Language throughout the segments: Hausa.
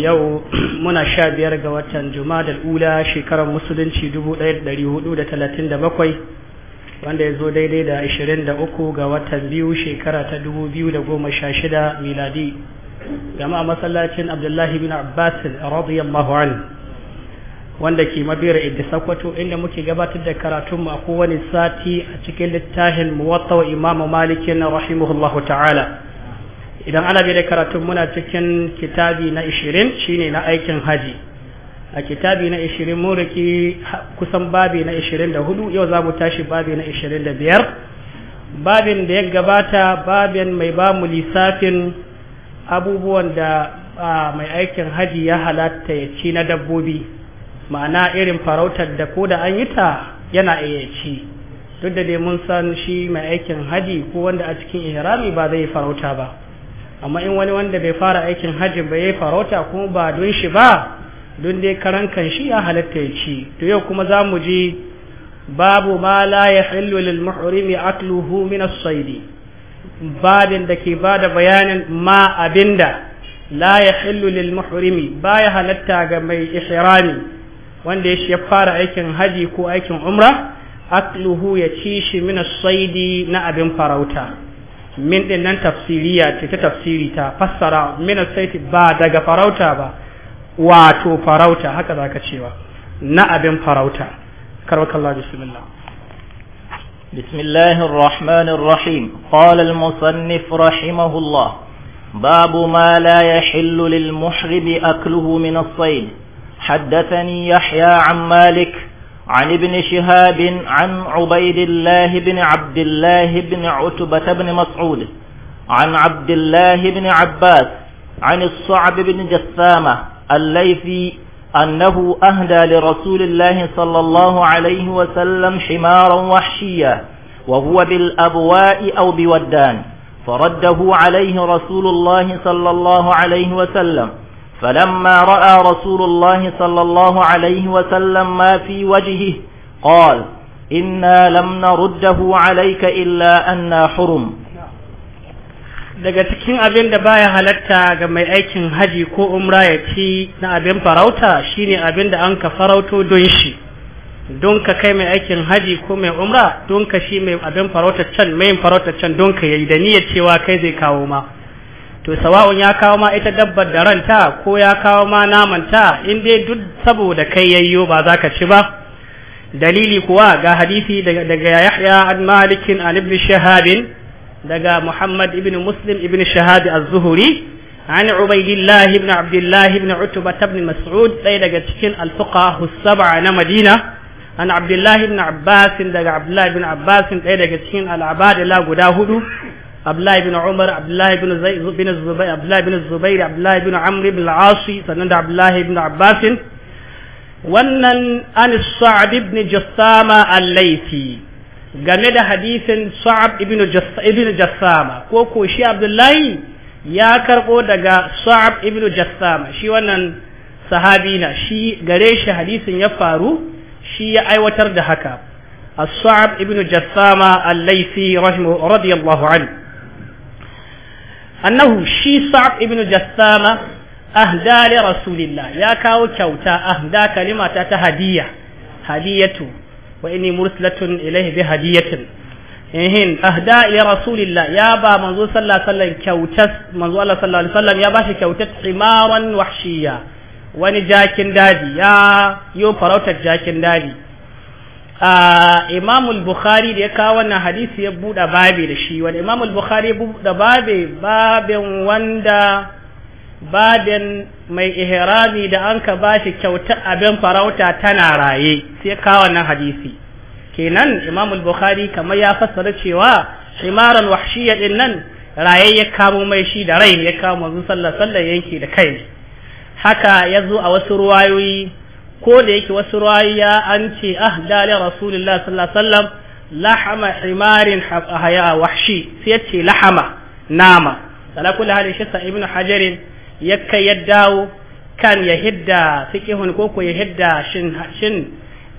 yau muna sha biyar ga watan da ula shekarar musulunci 1437 wanda ya zo daidai da 23 ga watan biyu shekara ta 2016 miladi gama a masallacin abdullahi bin abbas radiyallahu an wanda ke mabira idda sakwato inda muke gabatar da karatunmu a kowane sati a cikin littafin muwatta wa imamu malikin rahimahullahu ta'ala idan ana bai da karatun muna cikin kitabi na 20 shine na aikin haji a kitabi na ishirin mun riki kusan babi na hudu, yau za mu tashi babi na biyar. babin da ya gabata babin mai ba mu lissafin abubuwan da mai aikin haji ya halatta ya ci na dabbobi ma'ana irin farautar da ko da an yi ta yana iya ci duk da dai mun san shi mai aikin haji ko wanda a cikin ihrami ba zai farauta ba amma in wani wanda bai fara aikin hajji ba yayi farauta kuma ba don shi ba don dai karan kan shi ya halatta ya ci to yau kuma za mu ji babu ma la ya halu lil muhrimi akluhu min as-sayd babin da ke bada bayanin ma abinda la ya halu lil muhrimi baya halatta ga mai ihrami wanda ya fara aikin hajji ko aikin umra akluhu ya ci shi min as-sayd na abin farauta min din nan tafsiriya ce ta tafsiri ta fassara min saiti ba daga farauta ba wato farauta haka zaka cewa na abin farauta karwakallah bismillah بسم الله الرحمن الرحيم قال المصنف رحمه الله باب ما لا يحل للمحرم أكله من الصيد حدثني يحيى عن مالك عن ابن شهاب عن عبيد الله بن عبد الله بن عتبة بن مسعود عن عبد الله بن عباس عن الصعب بن جثامة الليثي أنه أهدى لرسول الله صلى الله عليه وسلم حمارا وحشيا وهو بالأبواء أو بودان فرده عليه رسول الله صلى الله عليه وسلم فلما رأى رسول الله صلى الله عليه وسلم ما في وجهه قال إنا لم نرده عليك إلا أن حرم daga cikin abin da baya halatta ga mai aikin haji ko umra ya ci na abin farauta shine abin da an ka farauto don shi don ka kai mai aikin haji ko mai umra don ka shi mai abin farauta can mai farauta can don ka yi da niyyar cewa kai zai kawo ma to sawa'un ya kawo ma ita dabbar da ranta ko ya kawo ma namanta in dai duk saboda kai yayyo ba za ka ci ba dalili kuwa ga hadisi daga Yahya an Malikin an Ibn shahabin daga Muhammad ibn Muslim ibn Shahab az-Zuhri an Ubaydillah ibn Abdullah ibn Utba ibn Mas'ud ɗaya daga cikin al-fuqaha as-sab'a na Madina an Abdullah ibn Abbas daga Abdullah ibn Abbas ɗaya daga cikin al-abadila guda hudu abdullahi bin umar abdullahi bin zaid bin zubair abdullahi bin zubair abdullahi bin amr bin al-as sannan da abdullahi bin abbas wannan an sa'ad ibn jassama al-laythi game da hadisin sa'ad ibn ibn jassama ko ko shi abdullahi ya karbo daga sa'ad ibn jassama shi wannan sahabi na shi gare shi hadisin ya faru shi ya aiwatar da haka as saad ibn jassama al-laythi radiyallahu anhu annahu shi sa'ad ibn jassama ahda li rasulillah ya kawo kyauta ahda kalima ta ta hadiya hadiyatu wa inni mursalatun ilayhi bi hadiyatin ahda rasulillah ya ba manzo sallallahu alaihi kyautar manzo Allah sallallahu alaihi ya ba shi kyautar himaran wahshiya wani jakin dadi ya yo farautar jakin daji Imam imamul bukhari da ya kawo wannan hadisi ya buɗe babi da shi wani Imam bukhari ya buɗe babi babin wanda babin mai ihrami da an ka bashi kyauta abin farauta tana raye sai kawo wannan hadisi kenan Imam bukhari kamar ya fassara cewa himaran wahshiya din nan raye ya kamo mai shi da rai ya kamo manzo sallallahu alaihi wasallam yanke da kai haka ya zo a wasu ruwayoyi ko da yake wasu ruwaya an ce ah dalil rasulullah sallallahu alaihi wasallam lahama himarin haya wahshi sai yace lahama nama ala kulli hali shi sa ibnu hajarin yakka ya dawo kan ya hidda fiqihun ko ko ya hidda shin shin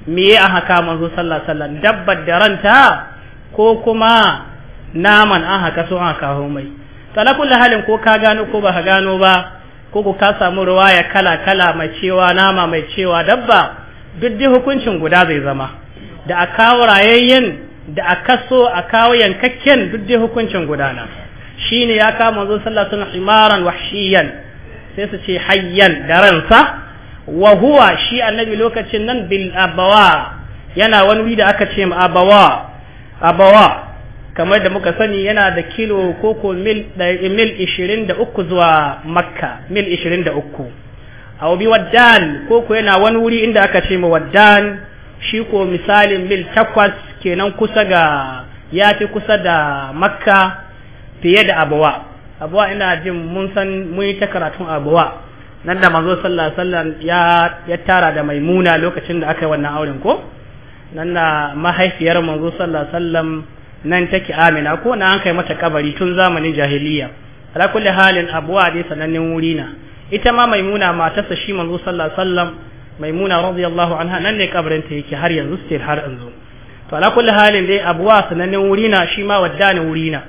me a haka manzo sallallahu alaihi dabbar da ranta ko kuma naman an haka so an haka homai ala kulli halin ko ka gano ko ba ka gano ba ko ku ka samu ruwaya kala-kala mai cewa nama mai cewa dabba duk dai hukuncin guda zai zama da a kawo rayayyen da a kaso a kawo yankakken duk dai hukuncin gudana ne ya kama zo sallatun himaran wahshiyan sai su ce hayyan da ransa wahuwa huwa shi annabi lokacin nan bil abawa yana wani da aka ce ma abawa abawa kamar da muka sani yana da kilo koko mil 23 zuwa makka mil 23 a wabi waddan koko yana wani wuri inda aka ce ma waddan shi ko misalin mil 8 kenan kusa ga ya fi kusa da makka fiye da abuwa abuwa ina jin mun san mun yi ta karatun abuwa nan da manzo sallallahu sallam ya ya tara da maimuna lokacin da aka yi wannan auren ko nan da mahaifiyar manzo sallallahu sallam nan take amina ko na an kai mata kabari tun zamanin jahiliya ala kulli halin abuwa dai sanannen wuri na ita ma maimuna matarsa shi manzo sallallahu alaihi wasallam maimuna radiyallahu anha nan ne kabarin ta yake har yanzu sai har yanzu to ala kulli halin dai abuwa sanannen wuri na shi ma waddani wuri na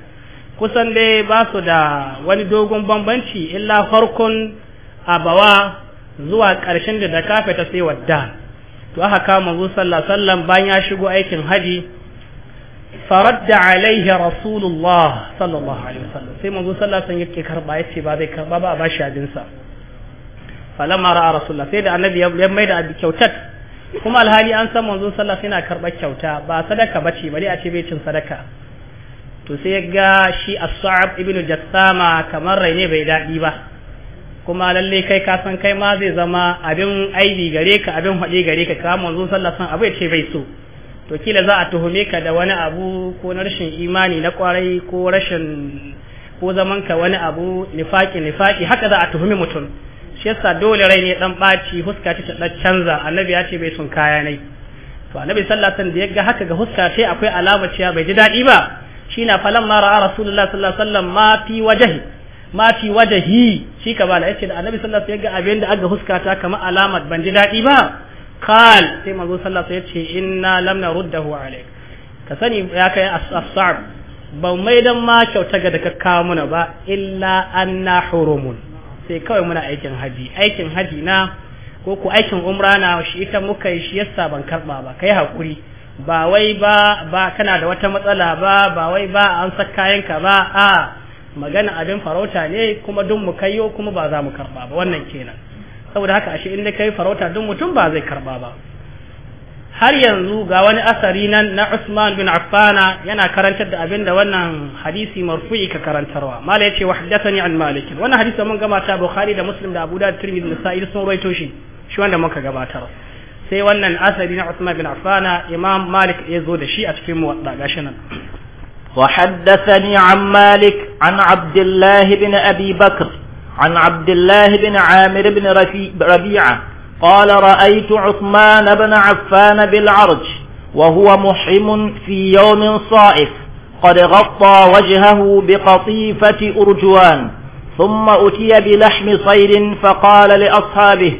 kusan dai ba su da wani dogon bambanci illa farkon abawa zuwa ƙarshen da da kafe ta sai wadda to aka kama manzo sallallahu alaihi wasallam bayan ya shigo aikin haji faradda عليه رسول sallallahu alaihi الله sai وسلم sallallahu alaihi صلى karba yace ba zai karba ba a bashi abin sa فلما ra'a رسول sai da النبي ya mai da abi kyautat kuma alhali an san manzo sallallahu yana karbar kyauta ba sadaka bace bari a ce bai cin sadaka to sai ga shi as-sa'ab ibn jassama kamar raine bai dadi ba kuma lalle kai ka san kai ma zai zama abin aibi gare ka abin haɗe gare ka kamar manzo sallallahu alaihi wasallam ce bai so to kila za a tuhume ka da wani abu ko na rashin imani na kwarai ko rashin ko zaman ka wani abu nifaki nifaki haka za a tuhumi mutum shi yasa dole rai ne dan baci huska ta dan canza annabi ya ce bai sun kaya nai to annabi sallallahu alaihi wasallam da yaga haka ga huska sai akwai alama cewa bai ji dadi ba shi na falan ma ra'a rasulullahi sallallahu alaihi wasallam ma fi wajhi ma fi wajhi shi ka bala yace da annabi sallallahu alaihi wasallam yaga abin da aka huska ta kamar alama ban ji dadi ba qal sai manzo sallallahu alaihi wasallam yace inna lam naruddahu alaik ka sani ya kai as-sa'b ba mai dan ma kyauta ga da ka kawo mana ba illa anna hurumun sai kawai muna aikin hajji aikin hajji na ko ku aikin umra na shi ita muka yi shi yasa ban karba ba kai hakuri ba wai ba ba kana da wata matsala ba ba wai ba an saka kayanka ba a magana abin farauta ne kuma duk mu kaiyo kuma ba za mu karba ba wannan kenan saboda haka ashe inda kai farauta duk mutum ba zai karba ba har yanzu ga wani asari nan na Usman bin Affan yana karantar da abin da wannan hadisi marfu'i ka karantarwa mala yace wa haddathani an malik wannan hadisi mun gabata Bukhari da Muslim da Abu Dawud Tirmidhi da Sa'id sun rawaito shi shi wanda muka gabatar sai wannan asari na Usman bin Affan Imam Malik ya zo da shi a cikin muwatta gashi nan wa عن an malik an Abdullah bin abi Bakr عن عبد الله بن عامر بن ربيعة قال رأيت عثمان بن عفان بالعرج وهو محرم في يوم صائف قد غطى وجهه بقطيفة أرجوان ثم أتي بلحم صيد فقال لأصحابه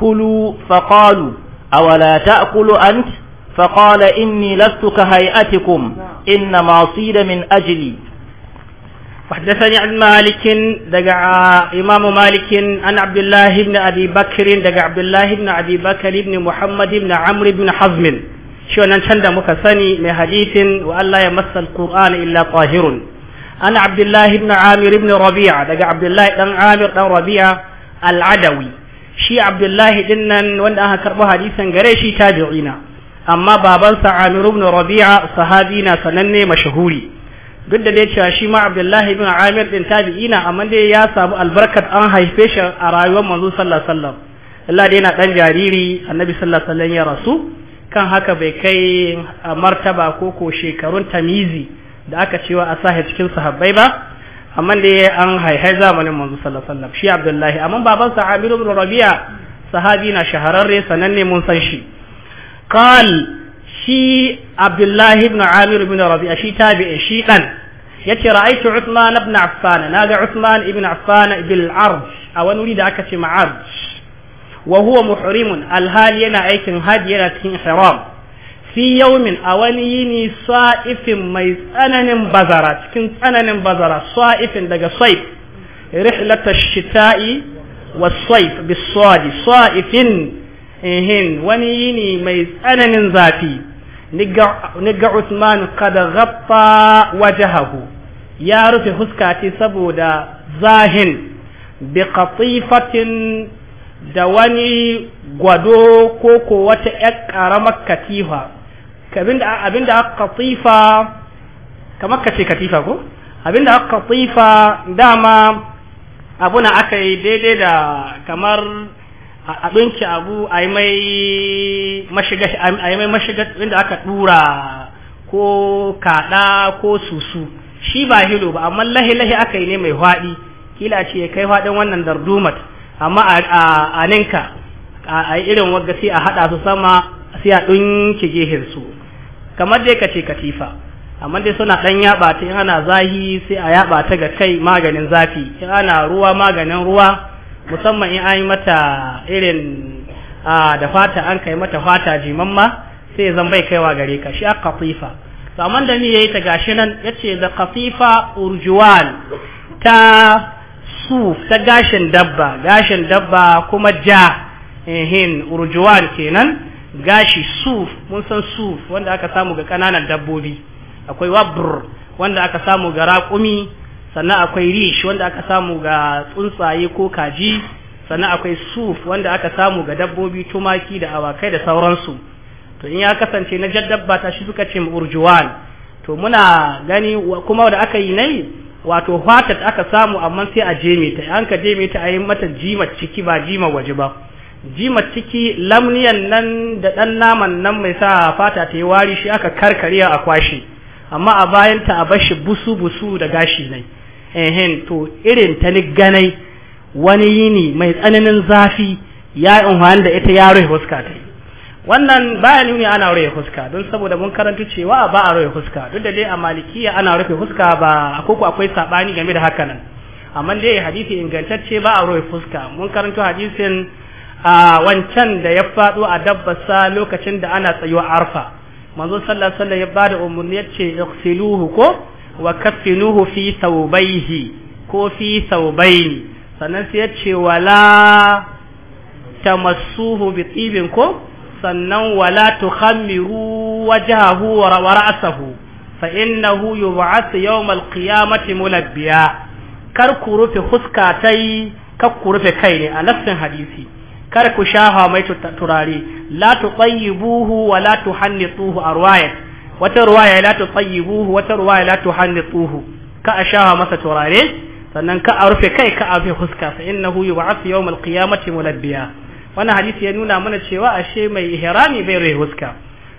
كلوا فقالوا أولا تأكل أنت فقال إني لست كهيئتكم إنما صيد من أجلي وحدثني عن مالك دقع إمام مالك عن عبد الله بن أبي بكر دقع عبد الله بن أبي بكر بن محمد بن عمرو بن حزم شو أن نشند مكسني من حديث وألا يمس القرآن إلا طاهر عن عبد الله بن عامر بن ربيعة دقع عبد الله بن عامر بن ربيعة العدوي شي عبد الله دنن وأن أها كربو حديثا قريشي تابعينا أما بابنسا عامر بن ربيعة صحابينا سنني مشهوري duk da dai cewa shi ma Abdullahi bin Amir din tabi'ina amma dai ya samu albarkat an haife shi a rayuwar manzo sallallahu alaihi wasallam Allah dai yana dan jariri Annabi sallallahu alaihi wasallam ya rasu kan haka bai kai martaba ko ko shekarun tamizi da aka cewa a sahi cikin sahabbai ba amma dai an haihai zamanin manzo sallallahu alaihi wasallam shi Abdullahi amma baban sa Amir ibn Rabi'a sahabi na shahararre sananne mun san shi qal shi Abdullahi ibn Amir ibn Rabi'a shi tabi'i shi dan yace ra'aytu Uthman ibn Affan naga Uthman ibn Affan bil arj a wani wuri da aka ce ma'arj wa huwa muhrimun alhal yana aikin hajji yana cikin ihram fi yawmin a wani yini sa'ifin mai tsananin bazara cikin tsananin bazara sa'ifin daga saif rihlata shita'i wa saif biswadi sa'ifin ehin wani yini mai tsananin zafi niga Usman kada ghaffa wajahahu ya rufe huska saboda zahin bi qatifatin da wani gwado ko ko wata ƴar ƙaramar katifa abinda abinda aka kamar kace katifa ko abinda aka katifa dama abuna aka yi daidai da kamar a ɗinki abu a yi mai mashiga a yi mai mashiga inda aka ɗura ko kaɗa ko susu shi ba hilo ba amma lahi-lahi aka yi ne mai haɗi kila ce ya kai haɗin wannan dardumat amma a ninka a yi irin wagga sai a haɗa su sama sai a ɗinki gehen su kamar dai kace katifa amma dai suna ɗan yaɓa ta in ana zahi sai a yaɓa ta ga kai maganin zafi in ana ruwa maganin ruwa musamman in an yi mata irin da fata an kai mata fata jimamma sai zan bai kaiwa gare ka shi aka to amma da ni yayi ta gashi nan yace da khafifa urjuwal ta su ta gashin dabba gashin dabba kuma ja ehin urjuwal kenan gashi suf mun san su wanda aka samu ga kananan dabbobi akwai wabr wanda aka samu ga raƙumi sannan akwai rish wanda aka samu ga tsuntsaye ko kaji sannan akwai suf wanda aka samu ga dabbobi tumaki da awakai da sauransu to in ya kasance na jaddabba ta shi suka ce urjuwan to muna gani kuma da aka yi nai wato fatat aka samu amma sai a jeme ta an ka jeme ta a mata jima ciki ba jima waje ba jima ciki lamniyan nan da ɗan naman nan mai sa fata ta yi wari shi aka karkare a kwashe amma a bayanta a bashi busu busu da gashi nai ehen to irin ta ganai wani yini mai tsananin zafi ya unhuwan da ita ya rufe huska ta wannan baya nuni ana rufe huska don saboda mun karanta cewa ba a rufe huska duk da dai a malikiya ana rufe huska ba koko akwai sabani game da haka nan amma dai hadisi ingantacce ba a rufe fuska mun karanta hadisin a wancan da ya faɗo a dabbasa lokacin da ana tsayuwa arfa manzo sallallahu alaihi wasallam ya bada umurniyar ya ce ko wa kafinuhu fi saubaihi ko fi saubaini sannan sai ya ce wala tamassuhu bi tibin ko sannan wala tukhammiru wajhahu wa ra'asahu fa innahu yub'ath yawm al-qiyamati mulabbiya kar ku rufe huska tai kar ku rufe kai ne a nassin hadisi kar ku shafa mai turare la tuqayyibuhu wa la tuhannituhu arwayat wata ruwaya la tutayyibuhu wata ruwaya la tuhannituhu ka a shawa masa turare sannan ka a rufe kai ka a rufe huska fa innahu yub'athu yawm al-qiyamati mulabbiya wannan hadisi ya nuna mana cewa ashe mai ihrami bai rufe huska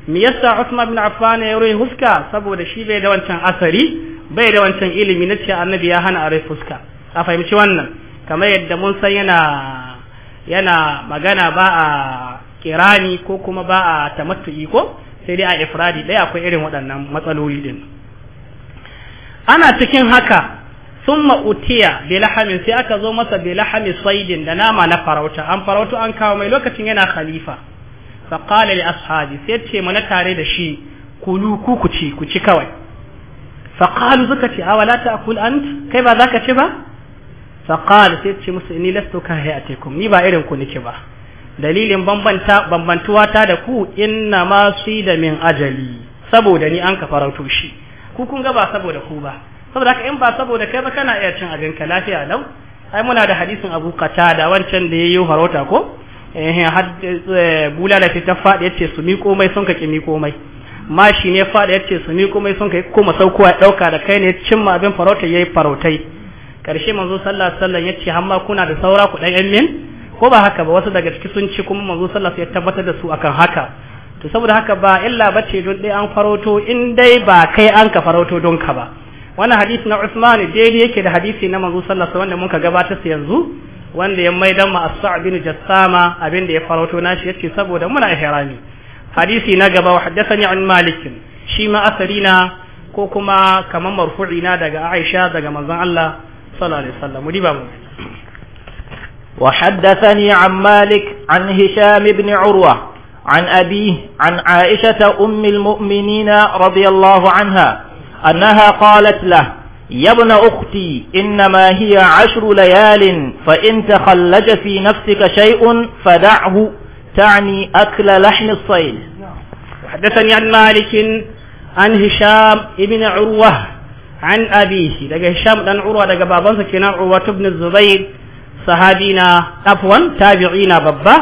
me yasa Usman bin Affan ya rufe huska saboda shi bai da wancan asari bai da wancan ilimi na cewa annabi ya hana a rufe huska a fahimci wannan kamar yadda mun san yana yana magana ba a kirani ko kuma ba a tamattu'i ko sai dai a ifradi ɗaya akwai irin waɗannan matsaloli din ana cikin haka sun ma'utiya bilahamin sai aka zo masa bilahami saidin da nama na farauta an farauta an kawo mai lokacin yana khalifa faƙala li ashabi sai ce mana tare da shi kulu ku ku ci ku ci kawai faƙalu suka ce wala ta akul ant kai ba za ka ci ba faƙalu sai ce musu ni lastu ka hayatikum ni ba irin ku nake ba dalilin bambanta bambantuwa ta da ku inna ma su da min ajali saboda ni an ka farauto shi ku kun ga ba saboda ku ba saboda haka in ba saboda kai ba kana iya cin abin ka lafiya lau ai muna da hadisin Abu da wancan da yayi farauta ko eh had bulala ta faɗi yace su mi komai sun ka ki mi komai shi ne faɗi yace su mi komai sun ka koma saukowa dauka da kai ne ma abin farauta yayi farautai karshe manzo sallallahu alaihi wasallam yace hamma kuna da saura ku dan min ko ba haka ba wasu daga ciki sun ci kuma manzo sallallahu ya tabbatar da su akan haka to saboda haka ba illa bace don dai an faroto in dai ba kai an ka faroto don ka ba wannan hadisi na Usman dai yake da hadisi na manzo sallallahu alaihi wanda muka gabatar su yanzu wanda ya mai ma as bin Jassama abin da ya faroto nashi yace saboda muna ihrami hadisi na gaba wa haddathani an Malik shi ma asarina ko kuma kamar marfu'ina daga Aisha daga manzon Allah sallallahu alaihi wasallam mu diba mu وحدثني عن مالك عن هشام بن عروة عن أبيه عن عائشة أم المؤمنين رضي الله عنها أنها قالت له يا ابن أختي إنما هي عشر ليال فإن تخلج في نفسك شيء فدعه تعني أكل لحم الصيد وحدثني عن مالك عن هشام بن عروة عن أبيه لقى هشام بن عروة لقى بابنسك عروة بن الزبير sahabina afwan tabi'ina babba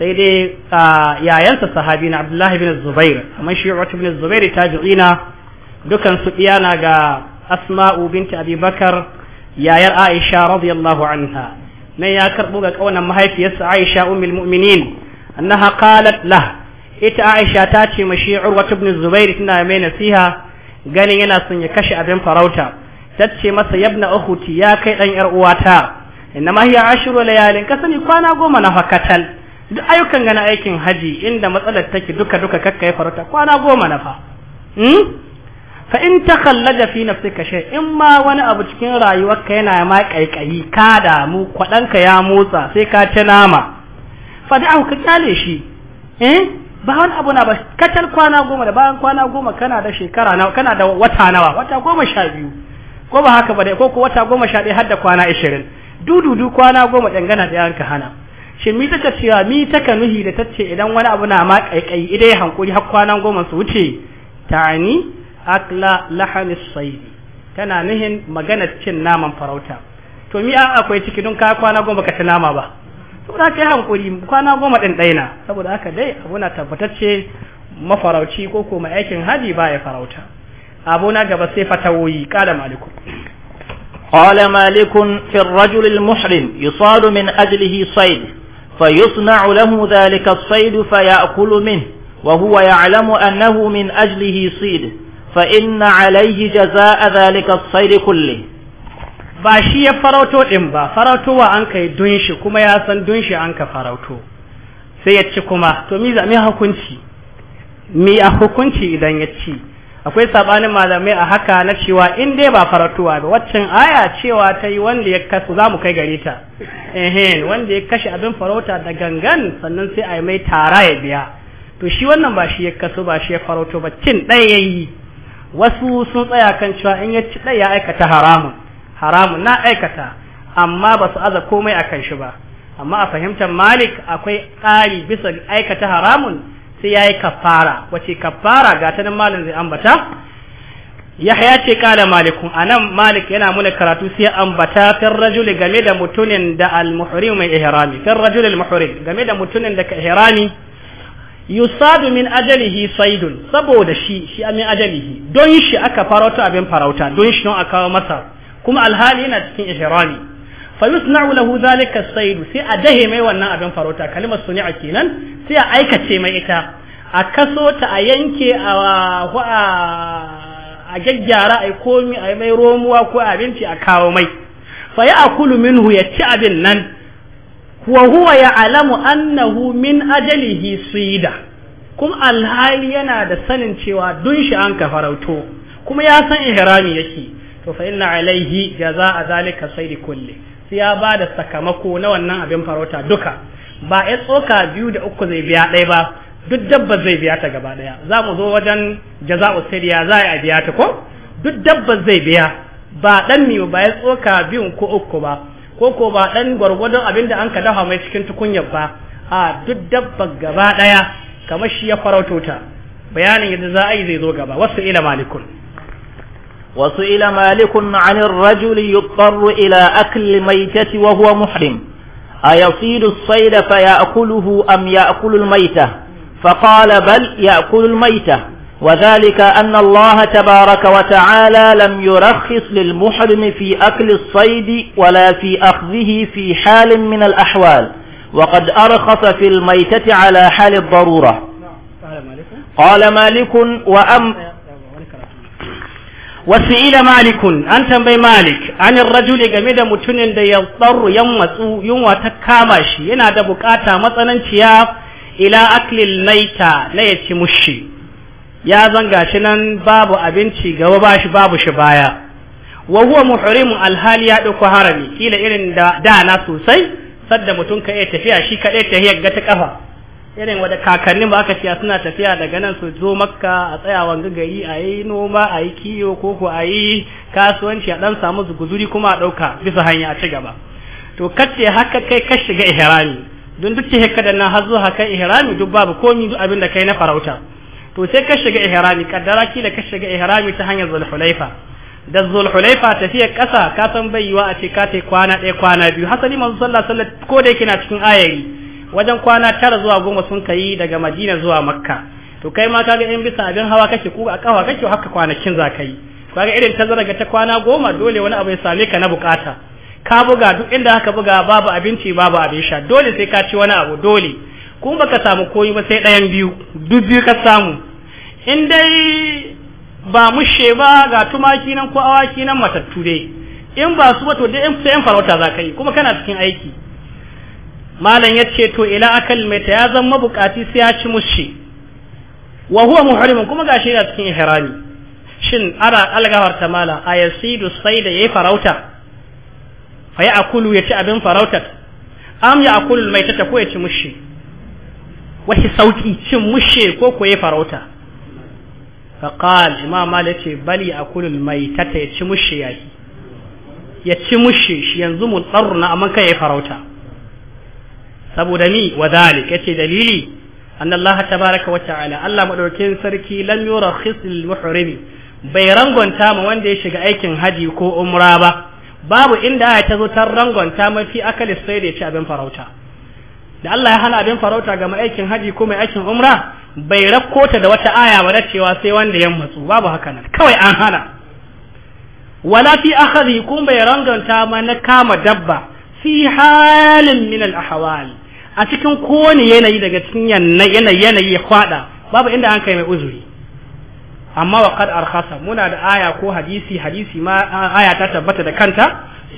sai dai yayansa sahabi na abdullahi bin zubair amma shi wata bin zubair tabi'i na dukan su iyana ga asma'u binti abubakar yayar aisha radiyallahu anha nan ya karbo ga kaunan mahaifiyarsa aisha ummul mu'minin annaha qalat lah ita aisha ta ce mashi urwa ibn zubair tana mai nasiha ganin yana son ya kashe abin farauta tace masa yabna ukhuti ya kai dan yar uwata innama hiya ashru layalin ka sani kwana goma na fakatal duk ayyukan gana aikin haji inda matsalar take duka duka kakka ya farauta kwana goma na fa hmm? fa in takhallaja fi nafsika shay in ma wani abu cikin rayuwarka yana ma kaikayi ka damu kwadanka ya motsa sai ka ci nama fa da ka kyale shi eh ba wani abu na ba katal kwana goma da bayan kwana goma kana da shekara nawa kana da wata nawa wata goma sha biyu ko ba haka ba dai ko ko wata goma sha ɗaya har da kwana ashirin dududu kwana goma dangana da yanka hana shi mi ta cewa mi taka nuhi da tace idan wani abu na ma kaikai idan ya hankuri har kwana goma su wuce ta'ani akla lahani saidi tana nuhin magana cin naman farauta to mi a akwai ciki dun ka kwana goma ka ci nama ba saboda haka ya hankuri kwana goma din daina saboda haka dai abu na tabbatacce mafarauci ko kuma aikin haji ba ya farauta abu na gaba sai fatawoyi kada maliku قال مالك في الرجل المحرم يصاد من أجله صيد فيصنع له ذلك الصيد فيأكل منه وهو يعلم أنه من أجله صيد فإن عليه جزاء ذلك الصيد كله باشي فروتو إمبا فروتو وأنك دونش كما ياسن دونش أنك فروتو سيتشكما تميز أمي حكونتي مي أحكونتي إذا يتشي akwai sabanin malamai a haka na cewa in dai ba faratuwa ba waccan aya cewa ta yi wanda ya kasu za mu kai gare ta ehen wanda ya kashe abin farauta da gangan sannan sai a yi mai tara ya biya to shi wannan ba shi ya kasu ba shi ya farauto ba cin ɗaya ya yi wasu sun tsaya kan cewa in ya ci ɗaya ya aikata haramun haramun na aikata amma ba su aza komai a kan shi ba amma a fahimtar malik akwai ƙari bisa aikata haramun sai yayi kafara wace kafara ga ta nan malam zai ambata Yahya ce kala malikun anan malik yana mana karatu sai ambata fir rajul game da mutunin da al muhrim mai ihrami fir rajul al muhrim game da mutunin da ka ihrami yusadu min ajalihi saidun saboda shi shi amin ajalihi don shi aka farauta abin farauta don shi don kawo masa kuma alhali yana cikin ihrami fa yusna'u lahu zalika as-sayd sai a dahe mai wannan abin farauta kalimar suni'a kenan sai a aikace mai ita a kaso ta a yanke a a gaggyara a komi a mai romuwa ko abinci a kawo mai fa ya akulu minhu ya ci abin nan wa huwa ya alamu annahu min ajalihi suida kuma alhali yana da sanin cewa dun shi an ka farauto kuma ya san ihrami yake to fa inna alaihi jaza'a zalika sayri kulli sai ya ba da sakamako na wannan abin farauta duka ba ya tsoka biyu da uku zai biya ɗaya ba duk dabba zai biya ta gaba ɗaya za mu zo wajen jaza'u siriya za a biya ta ko duk dabba zai biya ba ɗan miyo ba ya tsoka biyun ko uku ba ko ko ba ɗan gwargwadon abin da an ka dafa mai cikin tukunyar ba a duk dabba gaba ɗaya kamar shi ya farauto bayanin yadda za a yi zai zo gaba wasu ila malikun وسئل مالك عن الرجل يضطر إلى أكل الميتة وهو محرم أيصيد الصيد فيأكله أم يأكل الميتة فقال بل يأكل الميتة وذلك أن الله تبارك وتعالى لم يرخص للمحرم في أكل الصيد ولا في أخذه في حال من الأحوال وقد أرخص في الميتة على حال الضرورة نعم. قال مالك وأم wasu ila malikun an tambayi malik an rajuli game da mutumin da ya tsaro yan matsu yunwa ta kama shi yana da bukata matsananciya ila aklil laita na ya ci mushi ya zanga shi nan babu abinci gaba ba shi babu shi baya wa huwa muhrimun alhali ya ɗauko harami kila irin da dana sosai sadda mutum ka iya tafiya shi kaɗai ta hiyar ga ta kafa irin wadda kakannin ba aka ciya suna tafiya daga nan su zo makka a tsayawan gagayi a yi noma a yi kiyo ko ko a yi kasuwanci a ɗan samu zuguzuri kuma a ɗauka bisa hanya a ci gaba to kace haka kai ka shiga ihrami don duk hekka da nan har zuwa haka ihrami duk babu komi duk abin da kai na farauta to sai ka shiga ihrami kaddara kila ka shiga ihrami ta hanyar zulhulaifa da zulhulaifa tafiyar kasa ka san bai yiwa a ce ka kwana ɗaya kwana biyu hasali manzo sallallahu alaihi wasallam ko da yake na cikin ayayi wajen kwana tara zuwa goma sun kai daga madina zuwa makka to kai ma kaga in bisa abin hawa kake ku a kawa kake haka kwanakin za ka yi kaga irin tazara ga ta kwana goma dole wani abu ya same ka na bukata ka buga duk inda haka buga babu abinci babu abin sha dole sai ka ci wani abu dole kuma baka samu koyi ba sai ɗayan biyu duk biyu ka samu in dai ba mushe ba ga tumaki nan ko awaki nan matattu dai in ba su ba to dai in sai in farauta za ka yi kuma kana cikin aiki malam ya ce to ila akal mai ta ya zama bukati sai ya ci mushi wa huwa muhrimun kuma gashi yana cikin ihrami shin ara algawar ta mala a yasidu sai da yayi farauta fa ya ya ci abin farautar am ya akulu mai ta ko ya ci mushi wahi sauki cin mushe ko ko yayi farauta fa qal imam malik ce bali akulu mai ta ya ci mushi yayi ya ci mushe shi yanzu mun tsaruna amma kai yayi farauta saboda ni wa dhalik yace dalili anna Allah tabaraka wa ta'ala Allah madaukin sarki lam yurakhis lil muhrim bai rangonta ma wanda ya shiga aikin haji ko umra ba babu inda aya ta zo ta rangonta mafi akali sai da ci abin farauta da Allah ya hana abin farauta ga mai aikin haji ko mai aikin umra bai rakkota da wata aya ba na cewa sai wanda ya matsu babu haka nan kawai an hana wala fi akhadhi kun bai ranganta ma na kama dabba fi halin min al ahwal a cikin kowane yanayi daga cikin yanayi yanayi ya kwada babu inda an kai mai uzuri amma wa qad arkhasa muna da aya ko hadisi hadisi ma aya ta tabbata da kanta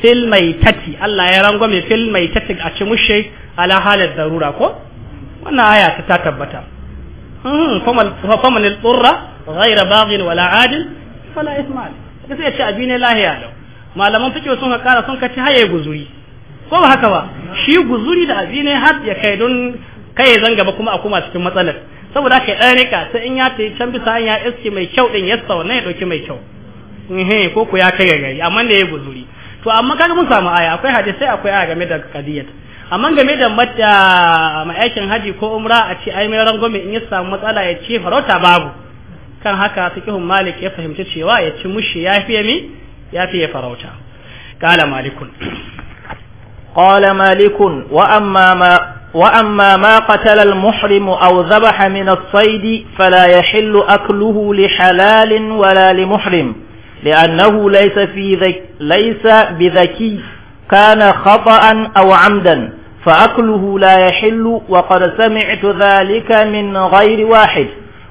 fil mai tati Allah ya rangwame fil mai tati a ci mushe ala halin darura ko wannan aya ta ta tabbata hmm, famanil al-turra ghayra baghin wala adil fala Isma'il kace ya ci abine lahiya malaman fiqh sun ka kara sun ka ci haye guzuri ko ba haka ba shi guzuri da azine har ya kai don kai ya zanga ba kuma a kuma cikin matsalar saboda kai ne rika sai in ya tafi can bisa ya iske mai kyau din ya sa wannan ya dauki mai kyau eh ko ku ya kai gari amma ne ya guzuri to amma kaga mun samu aya akwai hadisi akwai aya game da qadiyat amma game da mata ah, ma'aikin haji ko umra a ce ai mai rangwame in ya samu matsala ya ce farauta babu kan haka fiqhun malik ya fahimci cewa ya ci mushi ya fiye mi ya fiye farauta kala malikun قال مالك وأما ما وأما ما قتل المحرم أو ذبح من الصيد فلا يحل أكله لحلال ولا لمحرم لأنه ليس, في ذك ليس بذكي كان خطأ أو عمدا فأكله لا يحل وقد سمعت ذلك من غير واحد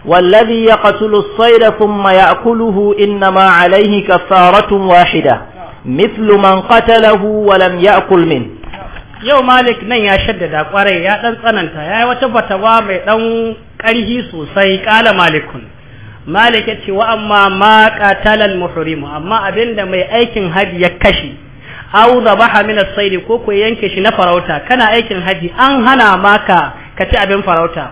والذي يقتل الصيد ثم يأكله إنما عليه كفارة واحدة مثل من قتله ولم يأكل منه yau malik nan ya shaddada kwarai ya dan tsananta ya yi wata fatawa mai dan karhi sosai kala malikun malik ya ce wa amma ma qatalan muhrimu amma abinda mai aikin haji ya kashe au zabaha min as-sayri ko ko yanke shi na farauta kana aikin haji an hana maka ka ci abin farauta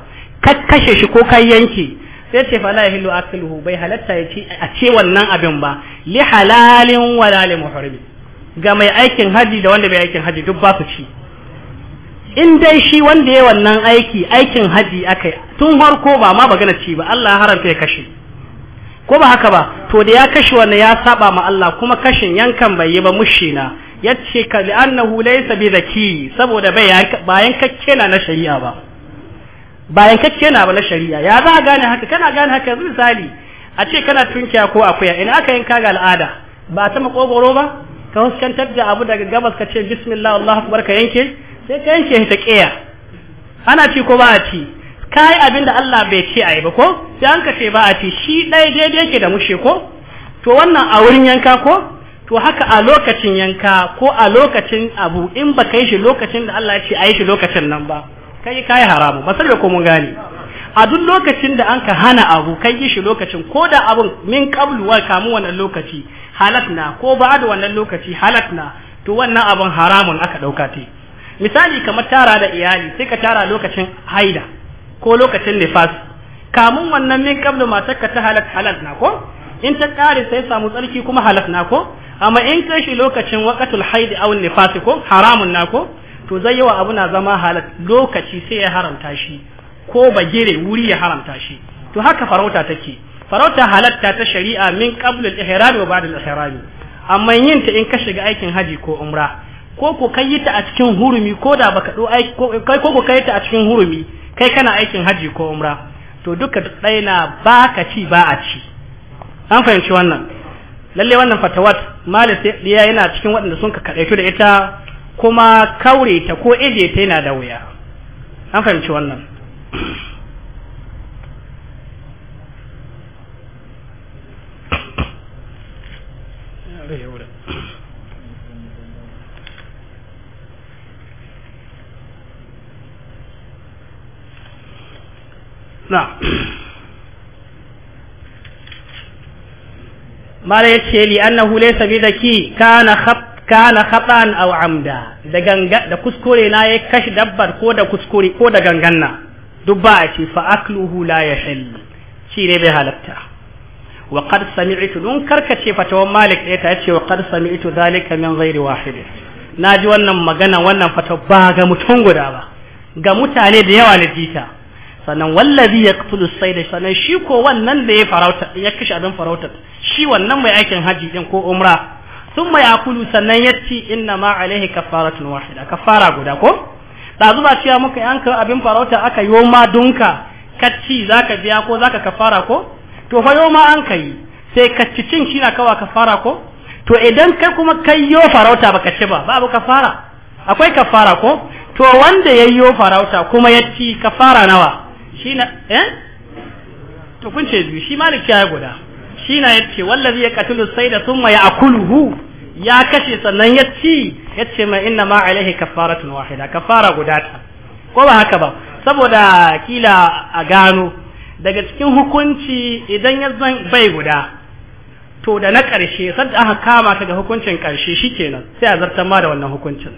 ka kashe shi ko ka yanke sai ce fala yahillu akluhu bai halatta ya ci a ce wannan abin ba li halalin wala li ga mai aikin haji da wanda bai aikin haji duk ba su ci in dai shi wanda ya wannan aiki aikin haji yi tun harko ba ma magana ci ba Allah haramta ya kashe ko ba haka ba to da ya kashe wannan ya saba ma Allah kuma kashin yankan bai yi ba mushina yace ka li'annahu laysa bi zaki saboda bai bayan kakke na na shari'a ba bayan kakke na ba na shari'a ya za gane haka kana gane haka yanzu misali a ce kana tunkiya ko akuya ina aka yanka ga al'ada ba ta makogoro ba ka huskantar da abu daga gabas ka ce bismillah Allahu akbar ka yanke sai ka yanke ta ƙeya ana ci ko ba a ci ka yi abin da Allah bai ce a yi ba ko sai an ka ce ba a ci shi ɗaya daidai yake da mushe ko to wannan a wurin yanka ko to haka a lokacin yanka ko a lokacin abu in ba ka yi shi lokacin da Allah ya ce a yi shi lokacin nan ba kai ka yi haramu ba sai da ko mun gane a duk lokacin da an ka hana abu kai yi shi lokacin ko da abun min kablu wa kamu wannan lokaci halatna ko ba da wannan lokaci halatna to wannan abun haramun aka ɗauka te misali kamar tara da iyali sai ka tara lokacin haida ko lokacin nifas kamun wannan min kablu matar ka ta halat halal na ko in ta kare sai samu tsarki kuma halat na ko amma in kai shi lokacin waqatul haidi aw nifas ko haramun na ko to zai yawa abu na zama halat lokaci sai ya haramta shi ko bagire wuri ya haramta shi to haka farauta take farauta halatta ta shari'a min qablul da ihram wa ba'd al-ihram amma yin ta in ka shiga aikin haji ko umra ko ko kai yi ta a cikin hurumi ko da baka ɗo aiki ko ko kai ta a cikin hurumi kai kana aikin haji ko umra to duka ɗaya na baka ci ba a ci an fahimci wannan lalle wannan fatawat malik ya yana cikin waɗanda sun ka kaɗaitu da ita kuma kaure ta ko ije ta yana da wuya an fahimci wannan na mala yace li annahu laysa bi kana khat kana khata'an aw amda da da kuskure na ya kashe dabbar ko da kuskure ko da ganganna duk ba a ce fa akluhu la yahil shi ne bai halatta wa qad sami'tu dun karkace fatawan malik ɗaya ta yace wa qad sami'tu zalika min ghairi na ji wannan magana wannan fata ba ga mutum guda ba ga mutane da yawa na jita sannan wallazi sai da sannan shi ko wannan da ya farauta ya kishi abin farauta shi wannan mai aikin haji din ko umra sun mai akulu sannan ya ci inna ma alaihi kafaratun wahida kafara guda ko da zuba cewa muka yanka abin farauta aka yo ma dunka kacci zaka biya ko zaka kafara ko to fa yo ma an kai sai kacci cin shi na kawa kafara ko to idan kai kuma kai yo farauta baka ci ba babu kafara akwai kafara ko to wanda yayyo farauta kuma ya ci kafara nawa shi na eh to kun ce shi malik ya guda shi na yace wallazi ya qatilu sayda thumma ya'kuluhu ya kashe sannan ya ci ya ce mai inna ma alaihi kafaratun wahida kafara guda ta ko ba haka ba saboda kila a gano daga cikin hukunci idan ya zan bai guda to da na ƙarshe sadda aka kama ta ga hukuncin ƙarshe shikenan sai a zartar ma da wannan hukuncin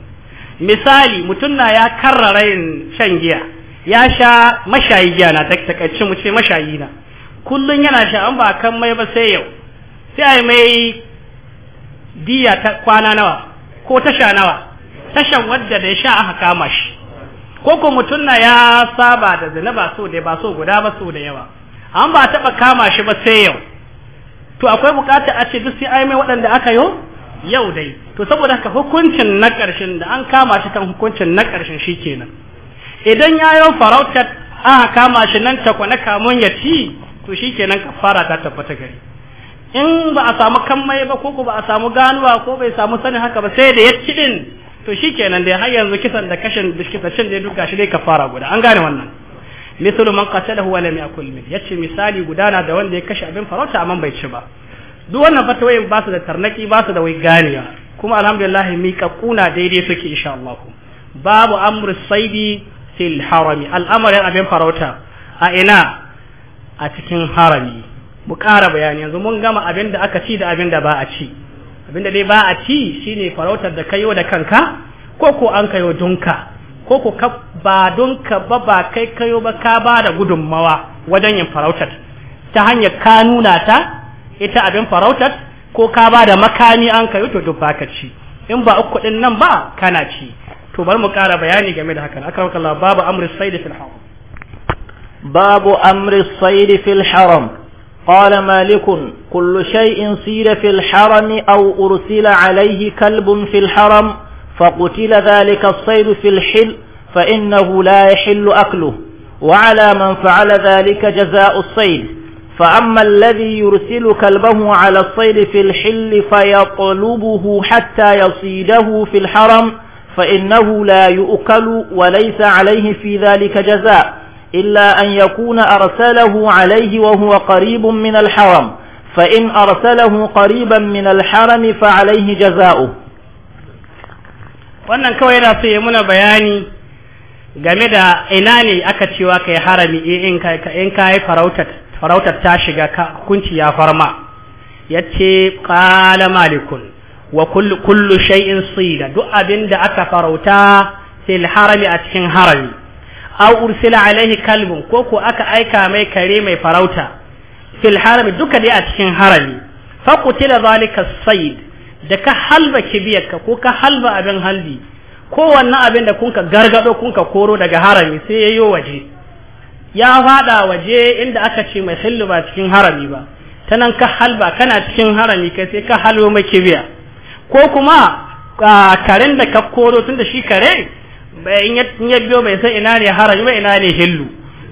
misali mutum na ya karrara yin shan giya ya sha mashayi gyana ta takaice mu ce mashayi na kullun yana sha an ba kan mai ba sai yau sai ai mai diya ta kwana nawa ko tasha nawa tashan wadda da ya sha aka kama shi ko ko mutum na ya saba da zina ba so da ba so guda ba so da yawa an ba taba kama shi ba sai yau to akwai bukata a ce duk sai ai mai waɗanda aka yo yau dai to saboda haka hukuncin na ƙarshen da an kama shi kan hukuncin na ƙarshen shikenan idan ya yi farautar aka kama shi nan ta kwana kamun ya ci to shi shikenan kafara ta tabbata gari in ba a samu kammai ba ko ba a samu ganuwa ko bai samu sanin haka ba sai da ya ci din to shi da dai har yanzu kisan da kashin biskitacin da duka shi dai kafara guda an gane wannan misalu man qatalahu wa lam yakul min yace misali gudana da wanda ya kashe abin farauta amma bai ci ba duk wannan fatawayin ba su da tarnaki ba su da wai ganiya kuma alhamdulillah miƙa kuna daidai suke insha Allah babu amru saidi fil harami al'amarin abin farauta a ina a cikin harami mu ƙara bayani yanzu mun gama abin da aka ci da abin da ba a ci abin da dai ba a ci shine farautar da kayo da kanka ko ko an kayo dunka ko ko ka ba dunka ba ba kai kayo ba ka ba da gudunmawa wajen yin farautar ta hanyar ka nuna ta ita abin farautar ko ka ba da makami an kayo to duk baka ci in ba uku nan ba kana ci to bari mu ƙara bayani game da hakan akan kalla babu amri saidi fil haram babu amri saidi fil haram قال مالك كل شيء سير في الحرم أو أرسل عليه كلب في الحرم فقتل ذلك الصيد في الحل فإنه لا يحل أكله وعلى من فعل ذلك جزاء الصيد فأما الذي يرسل كلبه على الصيد في الحل فيطلبه حتى يصيده في الحرم فإنه لا يؤكل وليس عليه في ذلك جزاء إلا أن يكون أرسله عليه وهو قريب من الحرم فإن أرسله قريبا من الحرم فعليه جزاؤه wannan kawai yana so ya muna bayani game da ina ne aka cewa kai harami in ka yi farautar ta shiga kunci ya farma ya ce kala malikun wa kullu shay'in sida duk abinda aka farauta fil harami a cikin harami aw ursila alaihi kalbun ko ko aka aika mai kare mai farauta fil harami duka dai a cikin harami fa qutila zalika sayd da ka halba kibiyarka ko ka halba abin halbi ko wannan abin da kunka gargado kunka koro daga harami sai yayyo waje ya fada waje inda aka ce mai hillu ba cikin harami ba tanan ka halba kana cikin harami kai sai ka halbo mai kibiya ko kuma karen da ka koro tun da shi kare in ya biyo bai san ina ne harami bai ina ne hillu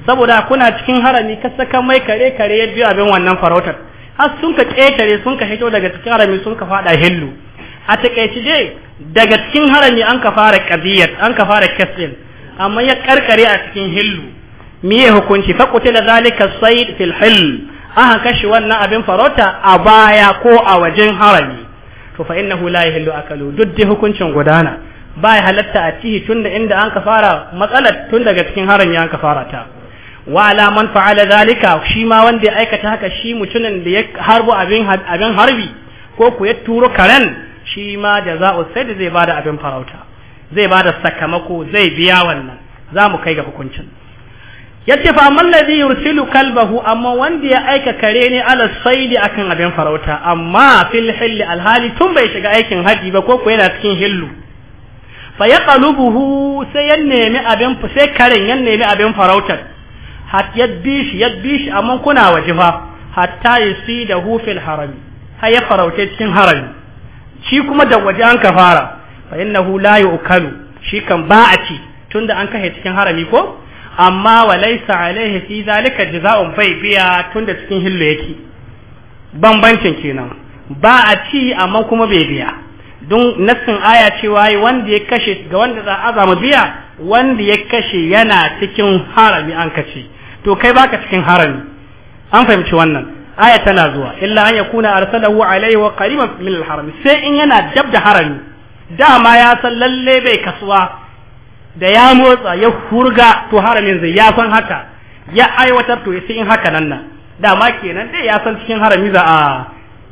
saboda kuna cikin harami ka saka mai kare kare ya biyo abin wannan farautar har sun ka ƙetare sun ka hito daga cikin harami sun ka faɗa hillu a takaici dai daga cikin harami an ka fara qadiyat an ka fara kasin amma ya karkare a cikin hillu miye hukunci fa da zalika sai fil hill an kashe wannan abin farauta a baya ko a wajen harami to fa innahu la yahillu akalu duk da hukuncin gudana ba ya halatta a cihi tunda inda an ka fara matsalar tun daga cikin haran ya an ka fara ta wa ala man fa'ala zalika shi ma wanda ya aikata haka shi mutumin da ya harbo abin abin harbi ko ku ya turo karen shi ma jaza'u sai da zai bada abin farauta zai bada sakamako zai biya wannan za mu kai ga hukuncin yace fa amman ladhi yursilu kalbahu amma wanda ya aika kare ne ala saidi akan abin farauta amma fil hill alhali tun bai shiga aikin haji ba ko ko yana cikin hillu fa yaqalubuhu sai ya nemi abin sai karen ya nemi abin farautar hat yadbi shi yadbi shi amma kuna wajifa hatta yusidahu fil harami har ya farauta cikin harami shi kuma da waje an ka fara fa innahu la yu'kalu shi kan ba a ci tunda an kashe cikin harami ko amma wa laisa alaihi fi zalika jaza'un bai biya tunda cikin hillu yake bambancin kenan ba a ci amma kuma bai biya don nassin aya cewa wanda ya kashe ga wanda za a biya wanda ya kashe yana cikin harami an kace to kai baka cikin harami an fahimci wannan aya tana zuwa illa an yakuna arsalahu alaihi wa qariban min al harami sai in yana dab da harami dama ya san lalle bai kasuwa da ya motsa ya hurga to haramin zai ya san haka ya aiwatar to sai in haka nan nan dama kenan dai ya san cikin harami za a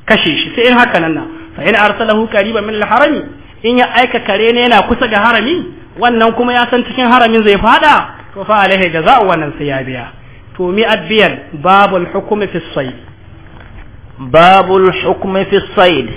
kashe shi sai in haka nan nan fa in arsalahu qariban min al-harami in ya aika kare ne yana kusa ga harami wannan kuma ya san cikin haramin zai fada to fa alaihi jaza'u wannan sai ya biya to mi adbiyan babul hukmi fi sayd babul hukmi fi sayd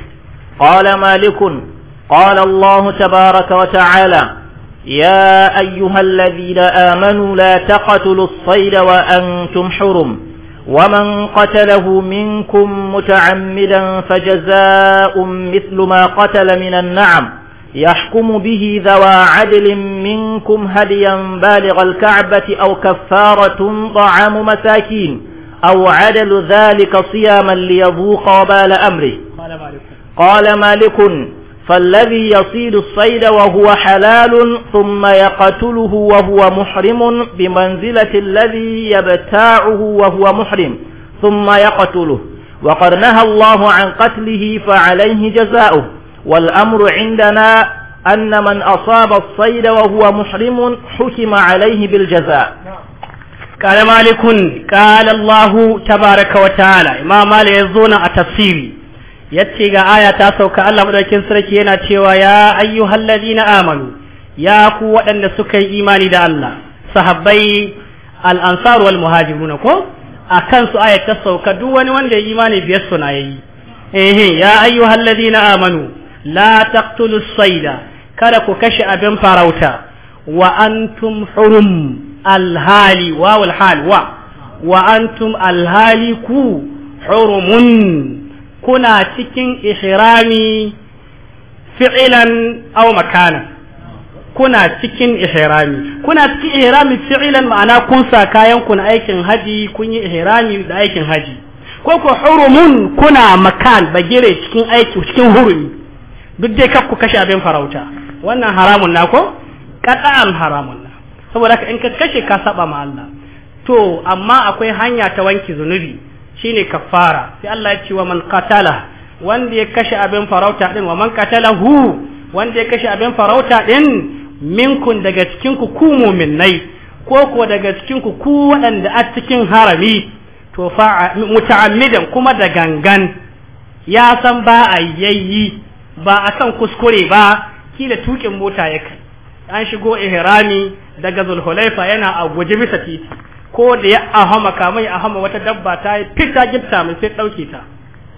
qala malikun qala allah tabaaraka wa ta'ala يا أيها الذين آمنوا لا تقتلوا الصيد وأنتم حرم ومن قتله منكم متعمدا فجزاء مثل ما قتل من النعم يحكم به ذوى عدل منكم هديا بالغ الكعبة أو كفارة طعام مساكين أو عدل ذلك صياما ليذوق وبال أمره قال مالك فالذي يصيد الصيد وهو حلال ثم يقتله وهو محرم بمنزلة الذي يبتاعه وهو محرم ثم يقتله وقد نهى الله عن قتله فعليه جزاؤه والأمر عندنا أن من أصاب الصيد وهو محرم حكم عليه بالجزاء قال مالك قال الله تبارك وتعالى إمام مالك يزون التفسير yace ga aya ta sauka Allah madaukin sarki yana cewa ya ayyuhal ladina amanu ya ku waɗanda suka yi imani da Allah sahabbai al ansar wal muhajiruna ko a su aya ta sauka duk wani wanda ya imani biyar na yayi eh ya ayyuhal ladina amanu la taqtulus sayda kada ku kashe abin farauta wa antum hurum alhali wa wal hal wa wa antum alhali ku hurumun kuna cikin ihrami fi'ilan aw makana kuna cikin ihrami kuna cikin ihrami fi'ilan ma'ana kun sa kayan kun aikin haji kun yi ihrami da aikin haji ko ku hurumun kuna makan bagire cikin aiki cikin hurumi duk dai kakku ku kashe abin farauta wannan haramun na ko qat'an haramun na saboda in ka kashe ka saba ma Allah to amma akwai hanya ta wanki zunubi shine kafara sai Allah ya ce wa man qatala wanda ya kashe abin farauta din wa man qatalahu wanda ya kashe abin farauta din minkun daga cikin ku ku mu'minai ko ko daga cikin ku ku waɗanda a cikin harami to fa muta'ammidan kuma da gangan ya san ba a yayyi ba san kuskure ba kila tukin mota ya kai an shigo ihrami daga zulhulaifa yana a guje bisa titi ko da ya ahama kamai ahama wata dabba ta yi fita gifta mai sai ɗauke ta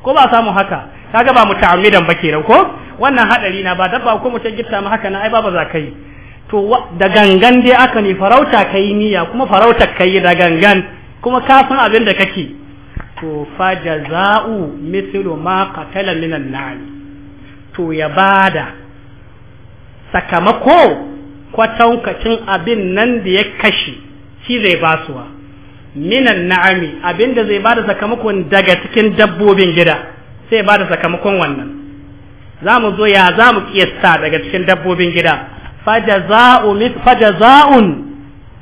ko ba samu haka ga ba mu ta'ammidan ba kenan ko wannan hadari na ba dabba ko mutum gifta mai haka na ai ba za ka yi to da gangan dai aka ne farauta ka yi niyya kuma farauta ka yi da gangan kuma kafin san abin da kake to fa jaza'u mithlu ma qatala minan to ya bada sakamako kwatankacin abin nan da ya kashe shi zai basuwa minan na'ami abinda zai bada sakamakon daga cikin dabbobin gida sai bada sakamakon wannan za mu zo ya za mu kiyasta daga cikin dabbobin gida fajaza'u mis fajaza'un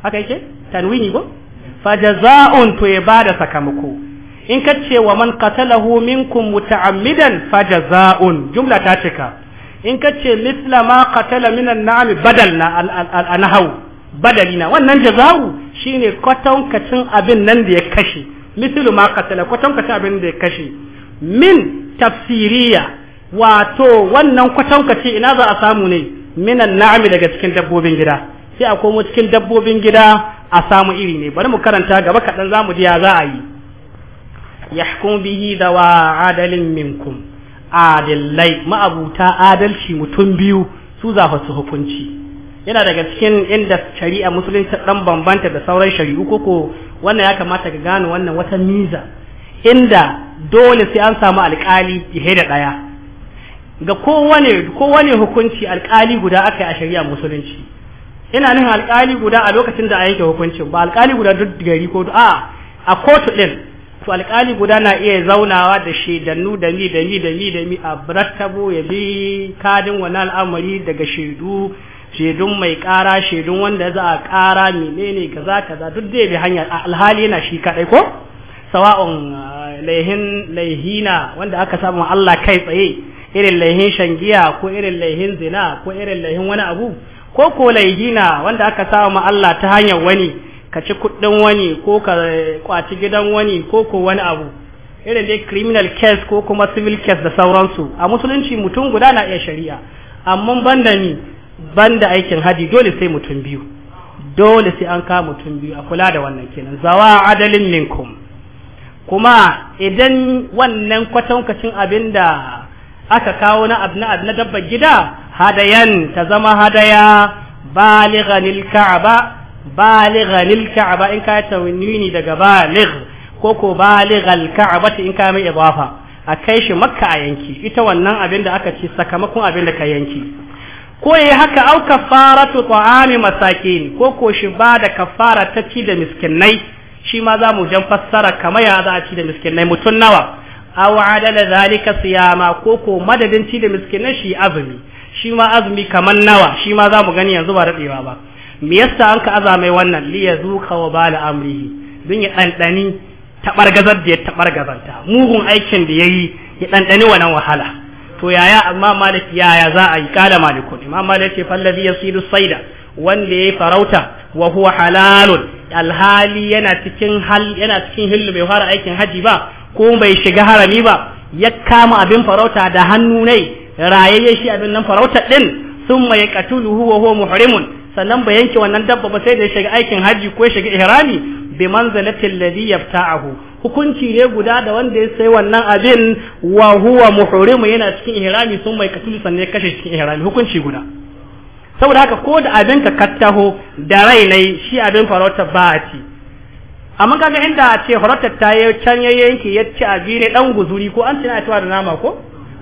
haka yake tanwini ko fajaza'un to ya bada sakamako in ka ce wa man qatalahu minkum muta'ammidan fajaza'un jumla ta cika in ka ce misla ma qatala minan na'ami badalna al-nahaw badalina wannan jaza'u shine kwatankacin abin nan da ya kashe misilu ma katala kwatankacin abin da ya kashe min tafsiriya wato wannan kwatankaci ina za a samu ne minan na'ami daga cikin dabbobin gida sai a komo cikin dabbobin gida a samu iri ne bari mu karanta gaba kaɗan za mu ji ya za a yi yahkum bihi dawa adalin minkum adillai ma'abuta adalci mutum biyu su zafa su hukunci yana daga cikin inda shari'a musulunci dan bambanta da sauran shari'u ko wannan ya kamata ka gane wannan wata miza inda dole sai an samu alkali ihe da daya ga kowane kowane hukunci alkali guda aka yi a shari'a musulunci ina nan alkali guda a lokacin da a yanke hukuncin ba alkali guda duk gari ko a a kotu ɗin to alkali guda na iya zaunawa da shaidannu da mi da ni da ni da mi a brattabo ya bi kadin wani al'amari daga shaidu shedun mai ƙara shedun wanda za a ƙara menene ka za duk dai bi hanya alhali yana shi kaɗai ko sawa'un ah, laihin laihina wanda aka samu Allah kai tsaye irin laihin shangiya ko irin laihin zina ko irin laihin wani abu ko ko laihina wanda aka samu Allah ta hanyar wani ka ci kuɗin wani ko ka kwaci gidan wani ko ko wani abu irin dai criminal case ko kuma civil case da sauransu a musulunci mutum guda na iya shari'a amma banda ni banda aikin haji dole sai mutum biyu dole sai an kama mutum biyu a kula da wannan kenan zawa adalin minkum kuma idan wannan kwatankacin abin da aka kawo na abna na dabbar gida hadayan ta zama hadaya balighanil ka'aba balighanil ka'aba in ka tawini daga baligh ko ko balighal ka'aba in ka mai idafa a kai shi makka a yanki ita wannan abin da aka ci sakamakon abin da ka yanki ko ya haka au tu ta'ami masakin ko ko shi ba da kafara ta ci da miskinai shi ma za mu jan fassara kamar ya za a ci da miskinai mutum nawa au adala zalika siyama ko ko madadin ci da miskinai shi azumi shi ma azumi kamar nawa shi ma za mu gani yanzu ba dadewa ba me yasa an ka azamai wannan li ka wa bala amrihi dun ya dandani tabargazar da ya tabargazanta mugun aikin da yayi ya dandani wannan wahala to yaya amma malik yaya za a yi kala malikun imam malik ce fallazi yasidu saida wanda yi farauta wa huwa halalun alhali yana cikin hal yana cikin hillu bai fara aikin haji ba ko bai shiga harami ba ya kama abin farauta da hannu ne rayayye shi abin nan farauta din sun maikatu wa huwa muhrimun sannan ba yanke wannan dabba ba sai da ya shiga aikin haji ko ya shiga ihrami bi manzilatil ladhi yafta'ahu hukunci ne guda da wanda ya sai wannan abin wa huwa muhrimu yana cikin ihrami sun mai katulu ne kashe cikin ihrami hukunci guda saboda haka ko da abin ka kattaho da rai nai shi abin farauta ba a ci amma kaga inda a ce farauta ta yi can ya yanke ya ci abi ne dan guzuri ko an tana tawa da nama ko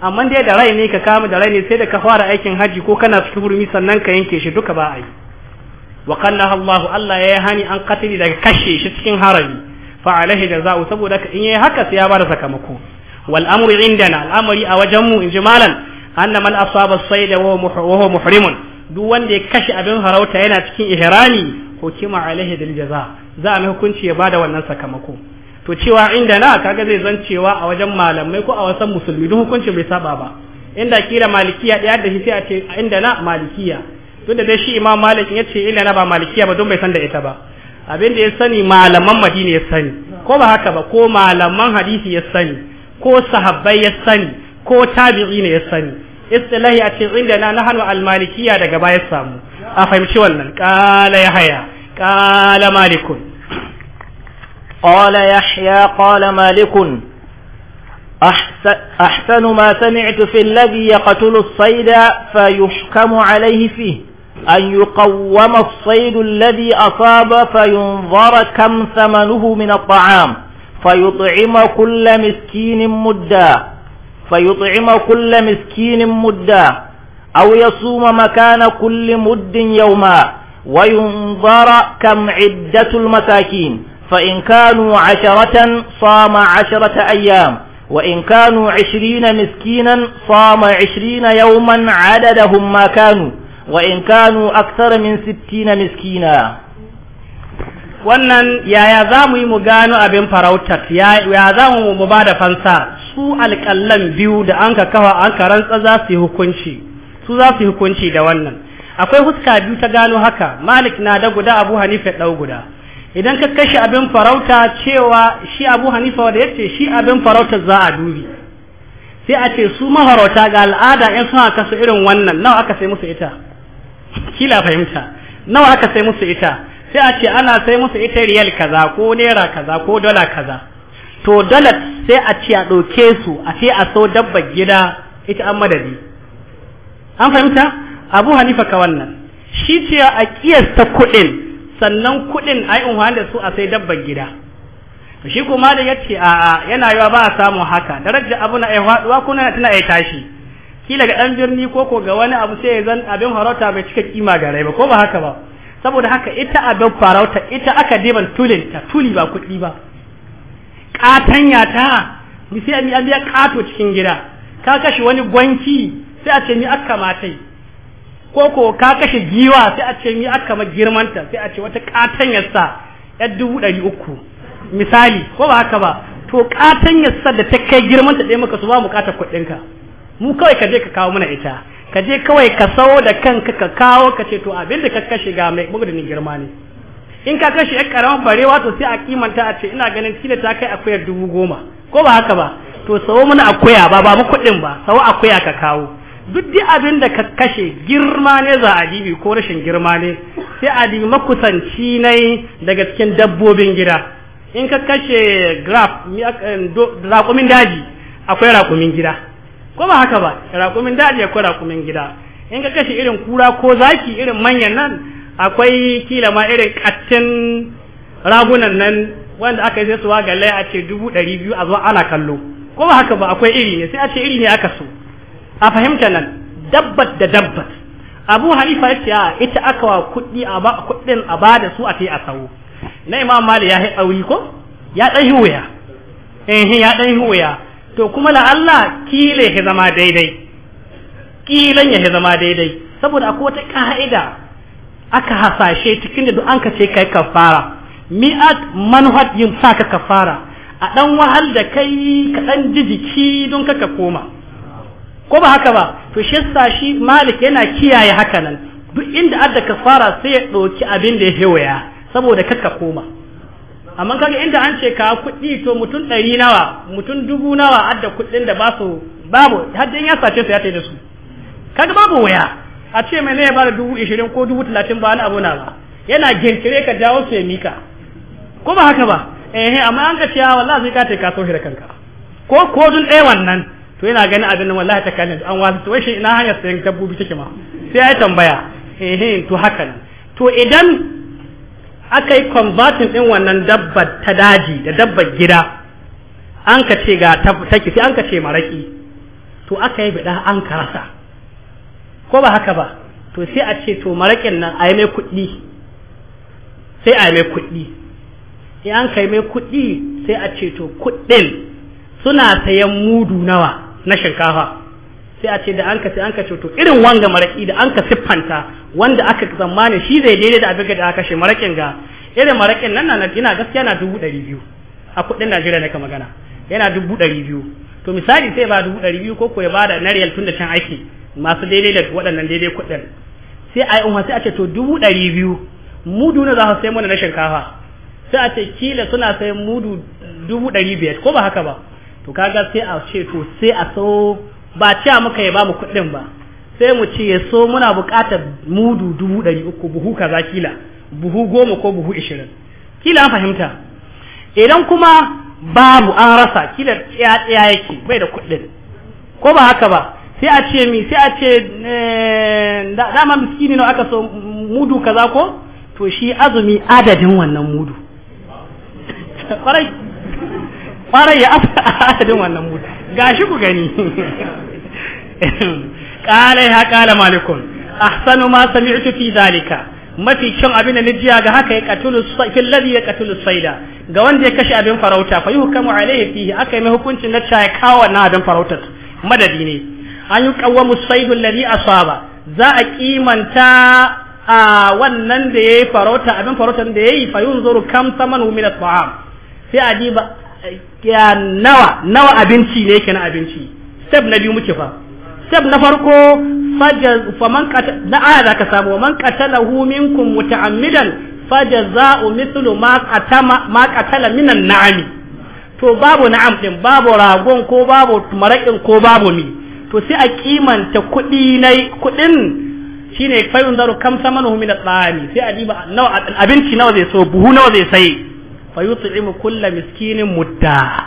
amma dai da rai ne ka kama da rai ne sai da ka fara aikin haji ko kana cikin hurmi sannan ka yanke shi duka ba a yi wa kallaha Allah Allah ya hani an katili daga kashe shi cikin harami fa alaihi jaza'u saboda in yayi haka sai ya bada sakamako wal amru indana al'amari a wajen mu in jimalan anna man asaba sayda wa huwa muhrimun duk wanda ya kashe abin harauta yana cikin ihrami hukima alaihi bil jaza za a mai hukunci ya bada wannan sakamako to cewa inda na kaga zai zan cewa a wajen malamai ko a wasan musulmi duk hukuncin bai saba ba inda kila malikiya ɗaya da shi sai a ce inda na malikiya tunda dai shi imam malik ya ce illa na ba malikiya ba don bai san da ita ba abin da ya sani malaman madina ya sani ko ba haka ba ko malaman hadisi ya sani ko sahabbai ya sani ko tabi'i ne ya sani istilahi a ce inda na nahanu almalikiya daga baya samu a fahimci wannan qala haya qala malikun qala haya qala malikun أحسن ما سمعت في الذي يقتل الصيد فيحكم عليه فيه أن يقوم الصيد الذي أصاب فينظر كم ثمنه من الطعام فيطعم كل مسكين مدا فيطعم كل مسكين مدا أو يصوم مكان كل مد يوما وينظر كم عدة المساكين فإن كانوا عشرة صام عشرة أيام وإن كانوا عشرين مسكينا صام عشرين يوما عددهم ما كانوا Wa in kanu أكثر min sittina miskina wannan yaya za mu yi mu gano abin farautar ya za mu mu ba da fansa su alƙallan biyu da an ka kawa an ka rantsa za su yi hukunci su za su yi hukunci da wannan akwai huska biyu ta gano haka malik na da guda abu hanifa ɗau guda idan ka kashe abin farauta cewa shi abu hanifa wanda yace shi abin farautar za a dubi sai a ce su maharauta ga al'ada in suna kasu irin wannan nawa aka sai musu ita kila fahimta nawa aka sai musu ita sai a ce ana sai musu ita riyal kaza ko naira kaza ko dala kaza to dala sai a ce a ɗauke su a ce a so dabbar gida ita an madadi an fahimta abu hanifa ka wannan shi ce a kiyasta kuɗin sannan kuɗin ai unhuwan da su a sai dabbar gida shi kuma da ya ce a'a yana yawa ba a samu haka darajar abu na ai faɗuwa kuna tana ai tashi kila ga dan birni ko ko ga wani abu sai zan abin farauta bai cika kima ga rai ba ko ba haka ba saboda haka ita abin farauta ita aka deban tulin ta tuli ba kuɗi ba katanya ta sai mi an biya kato cikin gida ka kashe wani gwanki sai a ce mi akka matai ko ko ka kashe giwa sai a ce mi akka ma girmanta sai a ce wata katanyar sa yar dubu ɗari uku misali ko ba haka ba to katanyar sa da ta kai girmanta ɗaya maka su ba mu kata kuɗinka mu kawai ka je ka kawo mana ita ka je kawai ka sawo da kanka ka kawo ka ce to abin da ka kashe ga mai bugudunin girma ne in ka kashe yan karamin barewa to sai a kimanta a ce ina ganin kila ta kai akuyar dubu goma ko ba haka ba to sawo mana akuya ba babu mu kuɗin ba sawo akuya ka kawo duk dai abin da ka kashe girma ne za a dibi ko rashin girma ne sai a dibi makusanci ne daga cikin dabbobin gida in ka kashe graf raƙumin daji akwai raƙumin gida ko ba haka ba raƙumin daji akwai raƙumin gida in ka kashe irin kura ko zaki irin manyan nan akwai kila ma irin kattin ragunan nan wanda aka yi sai suwa galle a ce dubu ɗari biyu a zuwa ana kallo ko ba haka ba akwai iri ne sai a ce iri ne aka so a fahimta nan dabbat da dabbat abu hanifa ya ce ita aka wa kuɗi a ba kuɗin a ba da su a kai a sawo na imam mali ya yi aure ko ya ɗan yi wuya eh, ya ɗan wuya to kuma la Allah kile ya zama daidai kilan ya zama daidai saboda akwai wata ka'ida aka hasashe cikin da duk an ka ce kai kafara mi'at manhat yin saka kafara a dan wahal da kai ka dan jijiki don kaka koma ko ba haka ba to shi malik yana kiyaye haka nan duk inda adda kafara sai ya ɗauki abin da ya hewaya saboda ka koma amma kaga inda an ce ka kuɗi to mutum ɗari nawa mutum dubu nawa adda kuɗin da ba su babu haddin ya sace su ya tai da su kaga babu waya a ce mai ne ya bada dubu ishirin ko dubu talatin ba wani abu na ba yana ginkire ka jawo su ya mika ko ba haka ba eh amma an ka ce ah, wallahi sai ka ta ka so shi da kanka ko ko dun ɗaya wannan to yana ganin abin nan wallahi ta kallon an wasu to shi ina hanyar sayan dabbobi take ma sai ya tambaya eh to haka to idan aka yi convertin ɗin wannan dabba ta daji da dabba gida an ka ce ga take sai an ka ce maraƙi to aka yi bida an ka rasa ko ba haka ba to sai a ce to maraƙin nan a yi mai kuɗi sai a yi mai kuɗi sai an kai mai kuɗi sai a ce to kuɗin suna sayan mudu nawa na shinkafa sai a ce da an ka sai an ka to irin wanga maraki da an ka siffanta wanda aka zamani shi zai daidai da abin da aka shi marakin ga irin marakin nan na ina gaskiya na dubu ɗari biyu a kuɗin Najeriya ka magana yana dubu ɗari biyu to misali sai ba dubu ɗari biyu ko ko ya ba da na riyal tun da can aiki masu daidai da waɗannan daidai kuɗin sai a yi umar sai a ce to dubu ɗari biyu mudu na za su sai mana na shinkafa sai a ce kila suna sai mudu dubu ɗari biyar ko ba haka ba to kaga sai a ce to sai a so. ba cewa muka ya ba mu kuɗin ba sai mu ce ya so muna buƙatar mudu dubu ɗari uku buhu kaza kila buhu goma ko buhu ishirin kila an fahimta idan kuma babu an rasa kila tsaya tsaya yake bai da kuɗin ko ba haka ba sai a ce mi sai a ce eh, dama miskini na aka so mudu kaza ko to shi azumi adadin wannan mudu kwarai kwarai ya adadin wannan mudu gashi ku gani qala ya qala malikun ahsanu ma sami'tu fi zalika mafi kyan abin da nijiya ga haka ya katulu fil ladhi ya katulu saida ga wanda ya kashe abin farauta fa yuhkamu alayhi fihi aka yi hukuncin na cha ya kawo na abin farautar madadi ne an yi qawwamu saidu alladhi asaba za a kimanta a wannan da yayi farauta abin farautar da yayi fa yunzuru kam samanu min at-ta'am sai a diba ya nawa nawa abinci ne yake na abinci step na biyu muke fa step na farko fajar faman na aya zaka samu man qatalahu minkum muta'ammidan fajaza'u mithlu ma qatama ma qatala minan na'ami to babu na'am din babu ragon ko babu marakin ko babu mi to sai a kimanta kudi nai kudin shine fa yunzaru kam samanu min al taami sai a diba nawa abinci nawa zai so buhu nawa zai sai fa yut'imu kulla miskinin mudda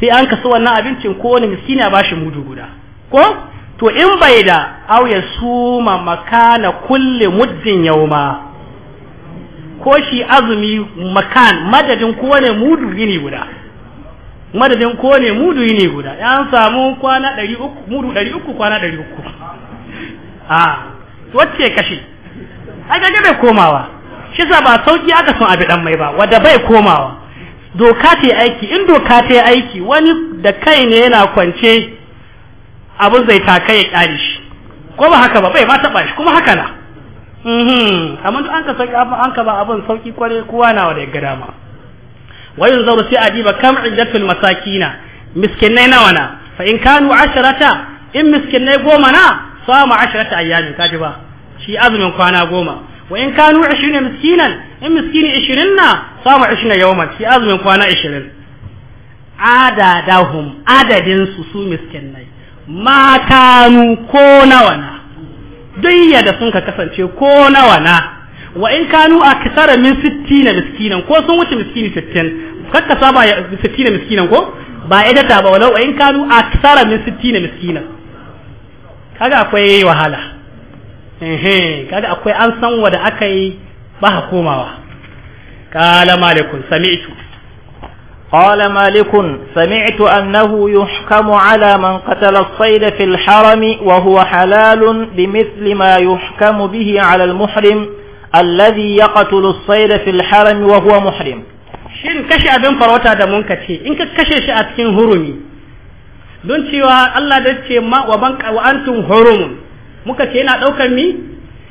sai an kasu wannan abincin ko wani miskini a bashi mudu guda ko to in bai da au ya suma makana kulli muddin yauma ko shi azumi makan madadin ko wani mudu gini guda madadin ko wani mudu yini guda an samu kwana 300 mudu 300 kwana 300 ah wacce kashi Ai ga bai komawa shi sa ba sauki aka son abi dan mai ba wanda bai komawa doka ce aiki in doka ta aiki wani da kai ne yana kwance abin zai taka ya kare shi ko ba haka ba bai ma taba shi kuma haka na mhm amma duk an ka sauki an ka ba abin sauki kware kowa na wa da ya gada ma wayin zaru sai adiba kam iddatul masakina miskinai nawa na fa in kanu asharata in miskinai goma na sama asharata ayyami kaji ba shi azumin kwana goma wa in kanu 20 miskinan in miskini 20 na samu 20 yawman shi azumin kwana 20 adadahum adadin su su miskinai ma kanu ko nawa na duk da sun ka kasance ko na wa in kanu aksara min 60 miskinan ko sun wuce miskini 60 kakka saba 60 miskinan ko ba idata ba walau in kanu aksara min 60 miskinan kaga akwai wahala ehe kaga akwai an san wanda aka yi ba ha komawa qala malikun sami'tu annahu yuhkamu ala man qatala as-sayda fil على wa huwa halalun bi mithli ma yuhkamu bihi ala al-muhrim alladhi yaqtulu as-sayda fil في wa huwa muhrim shin kashi abin farwata da mun kace in ka kashe shi a cikin hurumi don cewa Allah da ce ma wa ban wa antum hurumun muka ce yana ɗaukar mi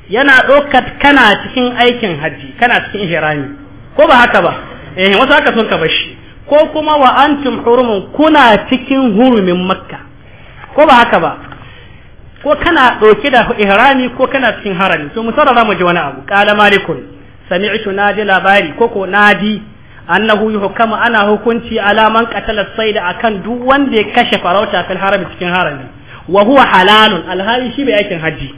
yana ɗaukar kana cikin aikin hajji kana cikin ihrami ko ba haka ba eh wasu haka sun ka bashi ko kuma wa antum hurumun kuna cikin hurumin makka ko ba haka ba ko kana ɗauke da ihrami ko kana cikin harami to mu sarara mu ji wani abu qala malikun sami'tu nadi labari ko ko nadi annahu yuhkamu ana hukunci alaman man qatala sayda akan duk wanda ya kashe farauta fil harami cikin harami wa huwa halalun alhali shi bai aikin haji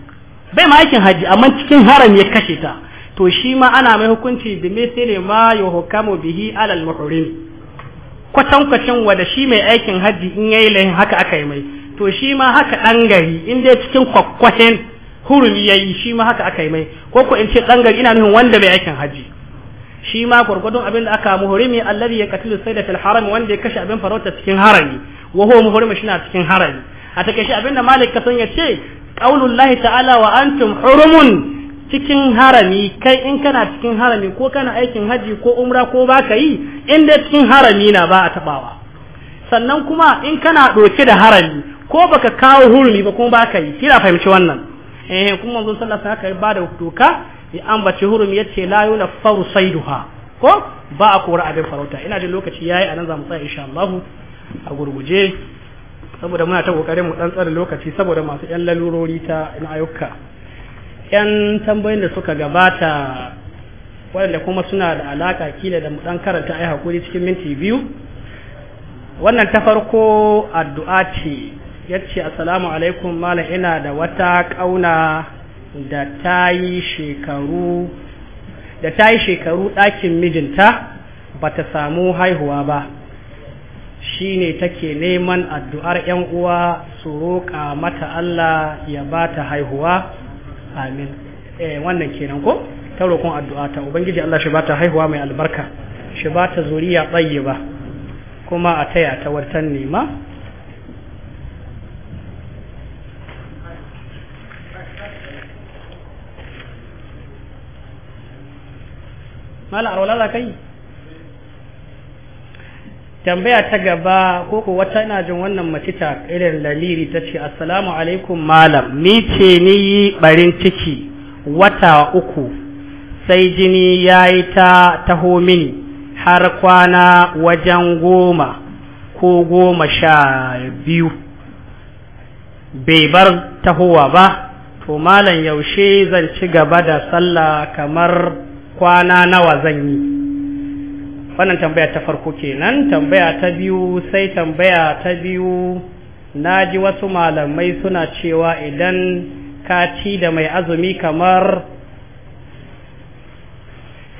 bai ma aikin haji amma cikin haram ya kashe ta to shi ma ana mai hukunci bi misali ma yuhkamu bihi alal muhrim kwatankwacin shi mai aikin haji in yayi lahin haka aka yi mai to shi ma haka dan gari in dai cikin kwakwashin hurumi yayi shi ma haka aka yi mai ko ko in ce dan gari ina nufin wanda bai aikin haji shi ma gurgudun abin da aka muhrimi alladhi yaqtilu sayda fil haram wanda ya kashe abin farauta cikin harami wa huwa muhrim shi na cikin harami a take shi abinda malik ka san ya ce qaulullahi ta'ala wa antum hurumun cikin harami kai in kana cikin harami ko kana aikin haji ko umra ko baka yi in dai cikin harami na ba a tabawa sannan kuma in kana doke da harami ko baka kawo hurumi ba kuma baka yi kira fahimci wannan eh kuma manzon sallallahu alaihi wasallam ba da doka ya ambace hurumi yace la yuna faru saiduha ko ba a kora abin farauta ina jin lokaci yayi anan za mu tsaya insha Allah a gurguje saboda muna ta kokarin mu dan tsare lokaci saboda masu yan lalurori ta na ayyuka yan tambayoyin da suka gabata waɗanda kuma suna da alaka kila da mu dan karanta ai hakuri cikin minti biyu wannan ta farko addu'a ce yace assalamu alaikum malam ina da wata kauna da tayi shekaru da ta shekaru ɗakin mijinta bata samu haihuwa ba shi ne take neman addu'ar yan uwa su roƙa mata Allah ya ba ta haihuwa amin eh, wannan kenan ko ta roƙon addu'a ta ubangiji Allah shi ba ta haihuwa mai albarka shi ba ta zuriya ba kuma a taya ta wartan nema mala arwala kai tambaya ta gaba ko ko wata ina jin wannan mace ta irin laliri ta ce assalamu alaikum malam ni ce ni yi barin ciki wata uku sai jini ya yi ta taho mini har kwana wajen goma ko goma sha biyu bai bar tahowa ba to malam yaushe zan ci gaba da sallah kamar kwana nawa zan yi wannan tambaya ta farko kenan tambaya ta biyu sai tambaya ta biyu na ji wasu malamai suna cewa idan ka ci da mai azumi kamar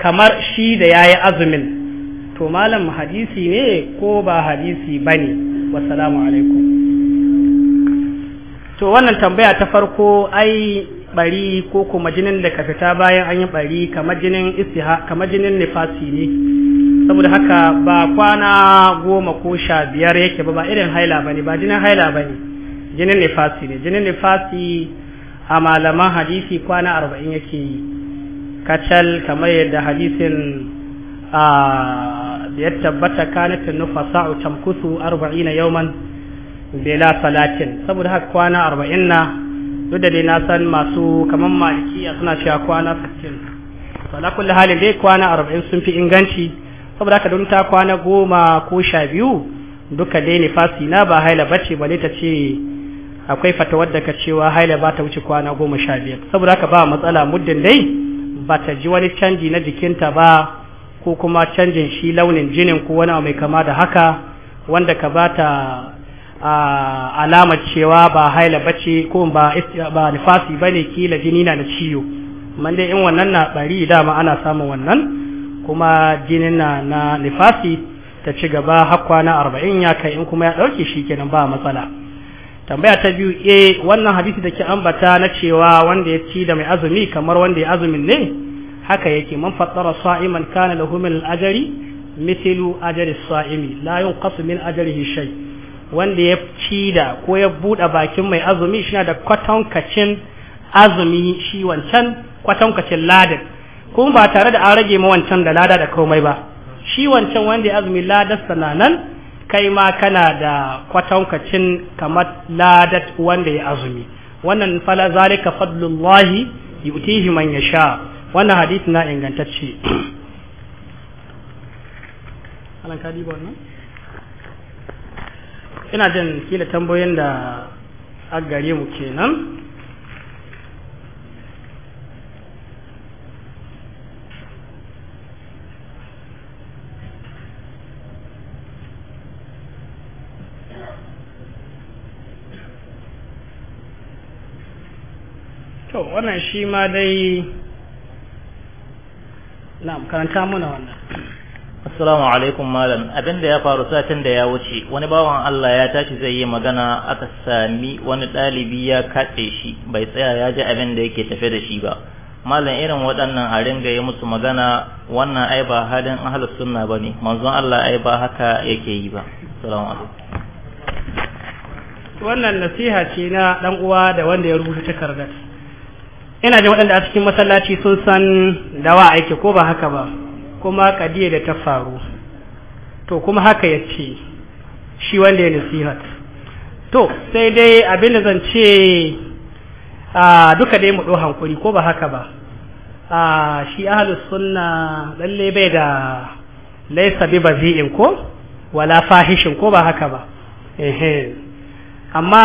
kamar shi da ya yi azumin to malam hadisi ne ko ba hadisi ba ne wasalamu alaikum to wannan tambaya ta farko ai bari ko kuma jinin da ka fita bayan an yi bari kamar jinin nifasi ne saboda haka ba kwana goma ko sha biyar yake ba ba irin haila bane ba jinin haila bane jinin nifasi ne jinin nifasi a malaman hadisi kwana arba'in yake yi kacal kamar yadda hadisin da ya tabbata kanatin nufasa tamkusu arba'ina yauman bela salatin saboda haka kwana arba'in na duk da dai na san masu kamar malikiya suna cewa kwana sittin to ala halin dai kwana arba'in sun fi inganci saboda haka don ta kwana goma ko sha biyu duka dai fasi na ba haila ce bale ta ce akwai fatawar da ka cewa haila ba ta wuce kwana goma sha biyar saboda haka ba matsala muddin dai ba ta ji wani canji na jikinta ba ko kuma canjin shi launin jinin ko wani mai kama da haka wanda ka ba ta alamar cewa ba haila ce ko ba ba ne kila jini na da ciwo man dai in wannan na bari dama ana samun wannan kuma jinin na na nifasi ta ci gaba har kwana arba'in ya kai in kuma ya ɗauke shi kenan ba matsala tambaya ta biyu e wannan hadisi da ke ambata na cewa wanda ya ci da mai azumi kamar wanda ya azumin ne haka yake man faddara sa'iman kana lahu min al-ajri mithlu ajri saimi la yunqas min ajrihi shay wanda ya ci da ko ya buɗe bakin mai azumi shi da kwatankacin azumi shi wancan kwatankacin ladin kuma ba tare da an rage ma wancan da lada da komai ba shi wancan wanda ya azumi ladar nan kai ma kana da kwatankacin kamar ladar wanda ya azumi wannan fala zalika fadlullahi yu'tihi man yasha wannan hadisi na ingantacce alan ka diba wannan ina jin kila tambayoyin da a gare mu kenan to wannan shi ma dai na karanta muna wannan Assalamu alaikum malam abin da ya faru satin da ya wuce wani bawan Allah ya tashi zai yi magana aka sami wani ɗalibi ya katse shi bai tsaya ya ji abin da yake tafe da shi ba malam irin waɗannan a ringa yi musu magana wannan ai ba halin ahlus sunna bane manzon Allah ai ba haka yake yi ba assalamu alaikum wannan nasiha ce na dan uwa da wanda ya rubuta takardar yana jin waɗanda a cikin masallaci sun san da dawa aiki ko ba haka ba kuma kadiya da ta faru to kuma haka ya ce shi wanda ya nasihat to sai dai abin da zan ce a duka dai mu ɗo hankuri ko ba haka ba a shi ahalus sunna lalle bai da laisa bi bazi'in ko wala fahishin ko ba haka ba amma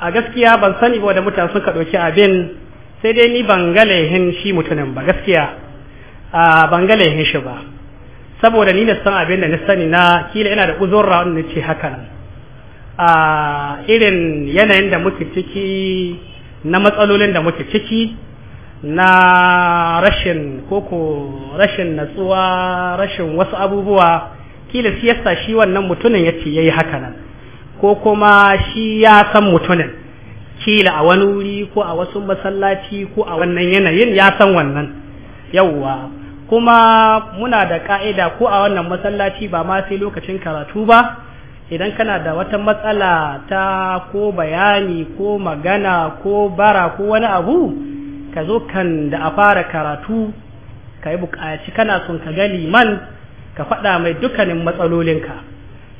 a gaskiya ban sani ba da mutane suka ɗauki abin sai dai ni ban ga laihin shi mutumin ba gaskiya a ban ga shi ba saboda ni na san abin da na sani na kila ina da uzurra wanda ce haka nan a irin yanayin da muke ciki na matsalolin da muke ciki na rashin koko rashin natsuwa rashin wasu abubuwa kila siyasa shi wannan mutumin ya ce ya yi haka nan ko kuma shi ya san mutumin kila a wani wuri ko a wasu masallaci ko a wannan yanayin ya san wannan yawwa kuma muna da ka'ida ko a wannan masallaci ba ma sai lokacin karatu ba idan kana da wata matsala ta ko bayani ko magana ko bara ko wani abu ka zo kan da a fara karatu ka yi bukaci kana son ka ga liman ka faɗa mai dukkanin matsalolinka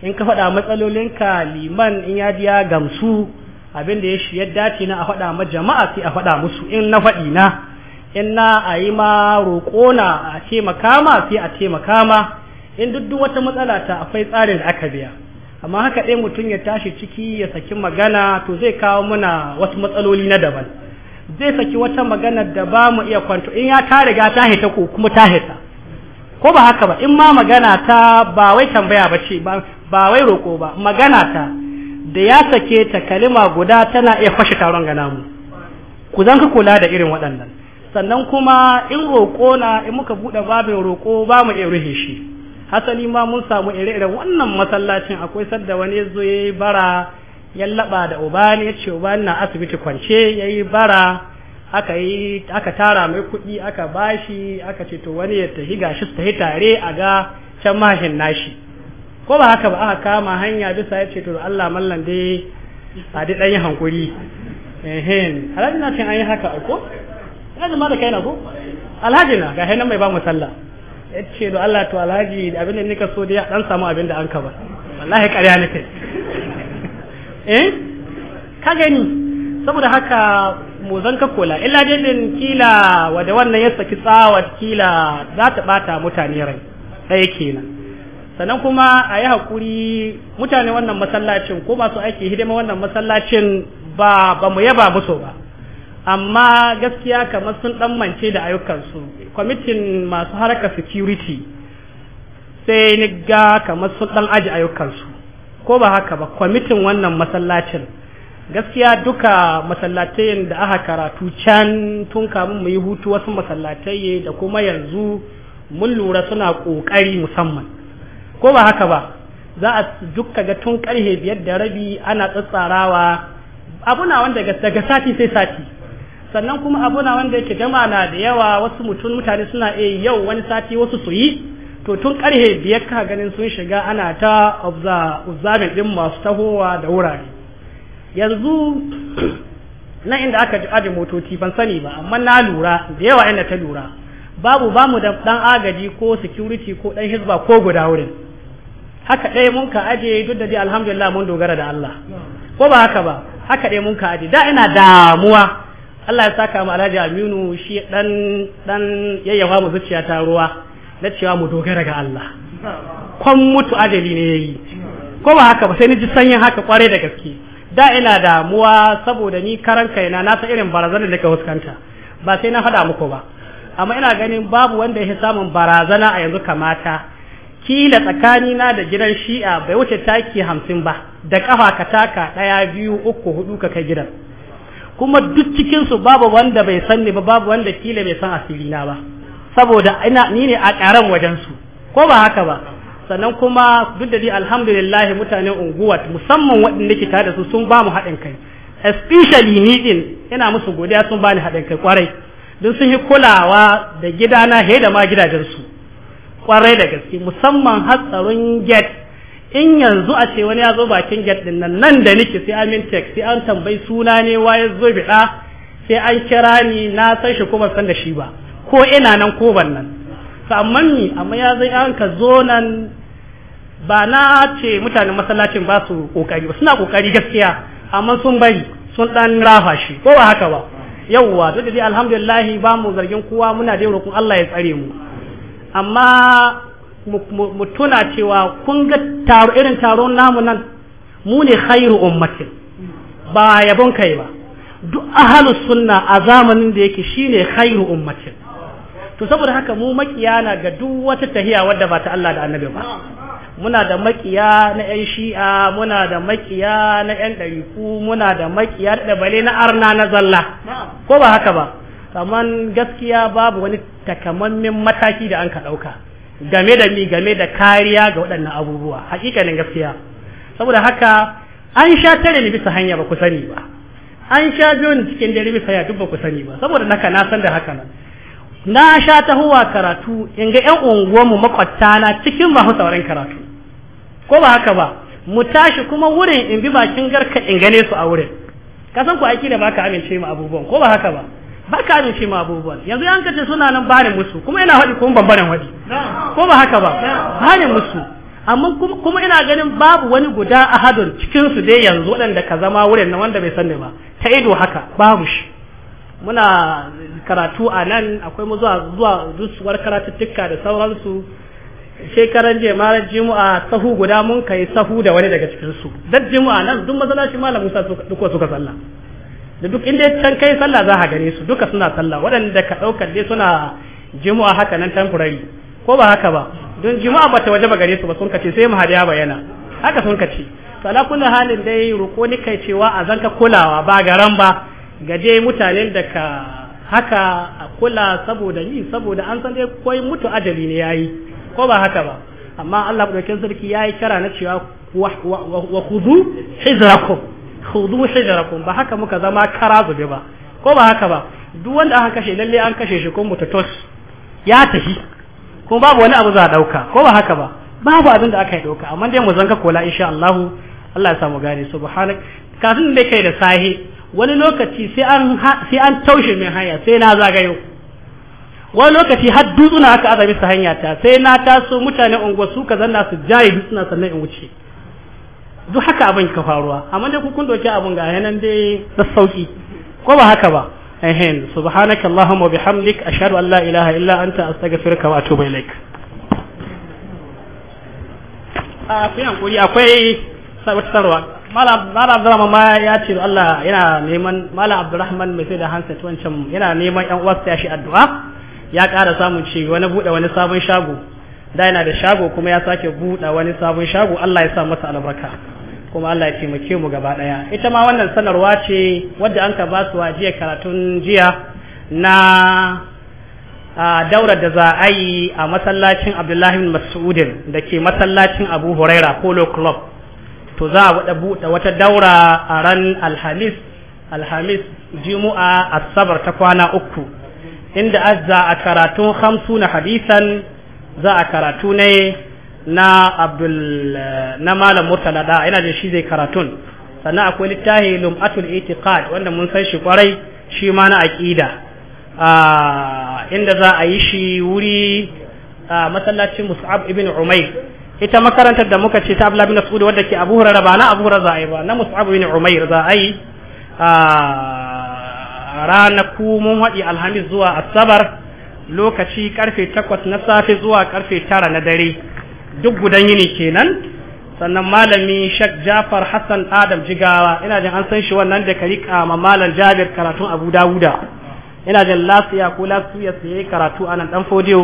in ka faɗa matsalolinka liman in ya ya gamsu abin da ya dace na a faɗa ma jama'a sai a faɗa musu in na faɗi na in na a yi ma roƙo na a taimaka ma sai a taimaka ma in duk duk wata matsala ta akwai tsarin da aka biya amma haka ɗaya mutum ya tashi ciki ya saki magana to zai kawo muna wasu matsaloli na daban zai saki wata magana da ba mu iya kwanto in ya ta riga ta hita ko kuma ta hita ko ba haka ba in ma magana ta ba wai tambaya ba ce ba wai roƙo ba magana ta da ya sake ta kalima guda tana iya fashe taron ga namu ku zan ka kula da irin waɗannan sannan kuma in roƙo na in muka buɗe babin roƙo ba mu iya rufe shi hasali ma mun samu ire-iren wannan masallacin akwai sadda wani zo ya yi bara ya laɓa da ubani ya ce ubani na asibiti kwance ya yi bara aka yi aka tara mai kuɗi aka bashi aka ce to wani ya tahi gashi su tahi tare a ga can mahin nashi ko ba haka ba aka kama hanya bisa ya ce to Allah mallan dai a dai dan yi hankuri eh alhaji na cin an yi haka ko alhaji ma da kai na ko alhaji na ga nan mai ba mu sallah ya ce to Allah to alhaji abin da nika so dai dan samu abin da an ka ba wallahi ƙarya nake eh ka gani saboda haka mu zanka kola illa dai din kila da wannan ya saki tsawar kila za ta bata mutane rai ɗaya kenan sannan kuma a yi hakuri mutane wannan masallacin ko masu aiki hidima wannan masallacin ba ba mu yaba musu ba amma gaskiya kamar sun dan mance da ayyukansu kwamitin masu harkar security sai ni ga kamar sun dan aji ayyukansu ko ba haka ba kwamitin wannan masallacin gaskiya duka masallatai da aka karatu can tun kamun mu yi hutu wasu masallatai da kuma yanzu mun lura suna ƙoƙari musamman ko ba haka ba za a duk kaga tun karhe biyar da rabi ana tsatsarawa abuna wanda daga sati sai sati sannan kuma abuna wanda yake jama na da yawa wasu mutum mutane suna iya yau wani sati wasu su yi to tun karhe biyar ka ganin sun shiga ana ta observing din masu tahowa da wurare yanzu na inda aka ji ajin motoci ban sani ba amma na lura da yawa inda ta lura babu bamu da dan agaji ko security ko dan hisba ko guda wurin haka ɗaya mun ka aje duk da dai alhamdulillah mun dogara da Allah ko ba haka ba haka ɗaya mun ka aje da ina damuwa Allah ya saka mu Alhaji Aminu shi dan dan yayyawa mu zuciya ta ruwa na cewa mu dogara ga Allah kwan mutu ajali ne yayi ko ba haka ba sai ni ji sanyin haka kware da gaske da ina damuwa saboda ni karan kaina na san irin barazanar da ka fuskanta ba sai na faɗa muku ba amma ina ganin babu wanda ya samun barazana a yanzu kamata kila tsakani na da gidan shi'a bai wuce taki hamsin ba da kafa ka taka ɗaya biyu uku hudu ka kai gidan kuma duk cikinsu babu wanda bai sanni ba babu wanda kila bai san asirina ba saboda ina ni ne a ƙaran su ko ba haka ba sannan kuma duk da ni alhamdulillah mutanen unguwa musamman waɗanda ke tare da su sun ba mu haɗin kai especially ni din ina musu godiya sun bani haɗin kai kwarai don sun yi kulawa da gidana he da ma su kwarai da gaske musamman hatsarin get in yanzu a ce wani ya zo bakin get din nan nan da nake sai amin tek sai an tambayi suna ne waye zo bida sai an kira ni na san shi ko ban san da shi ba ko ina nan ko ban nan amma ni amma ya zai an ka zo nan ba na ce mutanen masallacin ba su kokari ba suna kokari gaskiya amma sun bari sun dan rafa shi ko ba haka ba yawwa duk da alhamdulillah ba mu zargin kowa muna da roƙon Allah ya tsare mu amma mu tuna cewa kun ga taro irin taron namu nan mu ne khairu ummatin ba yabon kai ba duk ahalu sunna a zamanin da yake shine khairu ummatin to saboda haka mu makiya na ga duk wata tahiya wadda ba ta Allah da Annabi ba muna da makiya na yan shi'a muna da makiya na yan dariku muna da makiya da bale na arna na zalla ko ba haka ba kaman gaskiya babu wani takamammen mataki da an ka ɗauka game da mi game da kariya ga waɗannan abubuwa hakikanin gaskiya saboda haka an sha tare ni bisa hanya ba ku sani ba an sha biyu cikin dare bisa hanya duk ba ku sani ba saboda naka na san da haka nan na sha ta huwa karatu in ga ƴan unguwanmu makwatta na cikin ba sauran karatu ko ba haka ba mu tashi kuma wurin in bi bakin garka in gane su a wurin kasan ku aiki da baka amince mu abubuwan ko ba haka ba ba ka amince ma abubuwan yanzu ya kace suna nan barin musu kuma ina haɗi kuma bambaran haɗi ko ba haka ba barin musu amma kuma ina ganin babu wani guda ahadun cikin su dai yanzu waɗanda ka zama wurin na wanda bai san ba ta ido haka babu shi muna karatu a nan akwai mu zuwa zuwa dusuwar karatuttuka da sauransu shekaran je jimu'a sahu guda mun kai sahu da wani daga cikin su dan jimu'a nan duk masallaci malam Musa duka suka sallah da duk inda can kai sallah za a gane su duka suna sallah waɗanda ka ɗaukar dai suna jimu'a haka nan temporary ko ba haka ba don jimu'a ba ta waje ba gare su ba sun kace sai mu hadiya bayana haka sun kace to ala kullu halin dai ruko ni kai cewa a zanka kulawa ba garan ba ga dai mutanen da ka haka a kula saboda ni saboda an san dai koi mutu ajali ne yayi ko ba haka ba amma Allah ya sarki yayi kira na cewa wa khudhu hizrakum khudu hijrakum ba haka muka zama kara zube ba ko ba haka ba duk wanda aka kashe lalle an kashe shi ko mutatos ya tafi ko babu wani abu za a dauka ko ba haka ba babu abin da aka yi dauka amma dai mu zanka kola insha Allah Allah ya samu gane subhanak kafin da kai da sahi wani lokaci sai an sai an taushe mai hanya sai na zagayo wani lokaci har dutsuna aka azabi su hanya ta sai na taso mutane unguwa su ka zanna su jaye dutsuna sannan in wuce duk haka abin ka faruwa amma dai kun doke abin ga yanan dai da sauki ko ba haka ba ehin subhanaka allahumma wa bihamdik ashhadu an la ilaha illa anta astaghfiruka wa atubu ilaik a ku kuri akwai sabatarwa malam malam abdurrahman ma ya ce Allah yana neman malam abdurrahman mai sai da hansa wancan yana neman yan uwarsa ya shi addu'a ya ƙara samun ci wani buɗe wani sabon shago da yana da shago kuma ya sake buɗe wani sabon shago Allah ya sa masa albarka kuma Allah ya taimake mu gaba daya ita ma wannan sanarwa ce wadda an ka ba su jiya karatun jiya na a da za a yi a masallacin Abdullahi bin Mas'udin da ke masallacin Abu Huraira Polo Club to za a buɗe wata daura a ran Alhamis Alhamis Juma'a Asabar ta kwana uku inda azza a karatun hamsu na hadisan za a karatu ne na abdul na malam murtala da ina jin shi zai karatun sannan akwai littafi lum'atul itiqad wanda mun san shi kwarai shi ma na aqida inda za a yi shi wuri a masallacin mus'ab ibn umair ita makarantar da muka ce ta abla bin sa'ud wadda ke abu hurara ba na abu hurara za a yi ba na mus'ab ibn umair za a yi ranaku mun haɗi alhamis zuwa asabar lokaci karfe takwas na safe zuwa karfe tara na dare duk gudan yini kenan sannan malami shak jafar hassan adam jigawa ina jin an san shi wannan da kari kama malam jabir karatun abu dawuda ina jin lasiya ko lasiya su yi karatu a nan dan fodiyo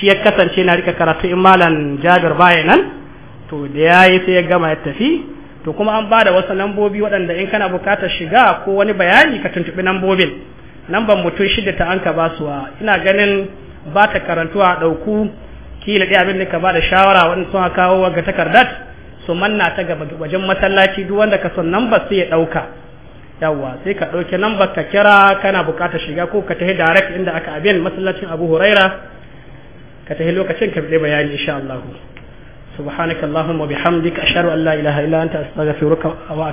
shi ya kasance na rika karatu in malam jabir baya nan to da ya yi sai ya gama ya tafi to kuma an bada wasu lambobi waɗanda in kana buƙatar shiga ko wani bayani ka tuntuɓi lambobin lambar mutum shida ta an ka basuwa ina ganin ba ta karantuwa ɗauku kila dai abin da ka ba da shawara wani sun kawo wa ga takardar su manna ta gaba wajen masallaci duk wanda ka son number sai ya dauka yawa sai ka dauki number ka kira kana bukatar shiga ko ka tafi direct inda aka abin masallacin Abu Huraira ka tafi lokacin ka bude bayani insha Allah subhanakallahumma bihamdika ashhadu an la ilaha illa anta astaghfiruka wa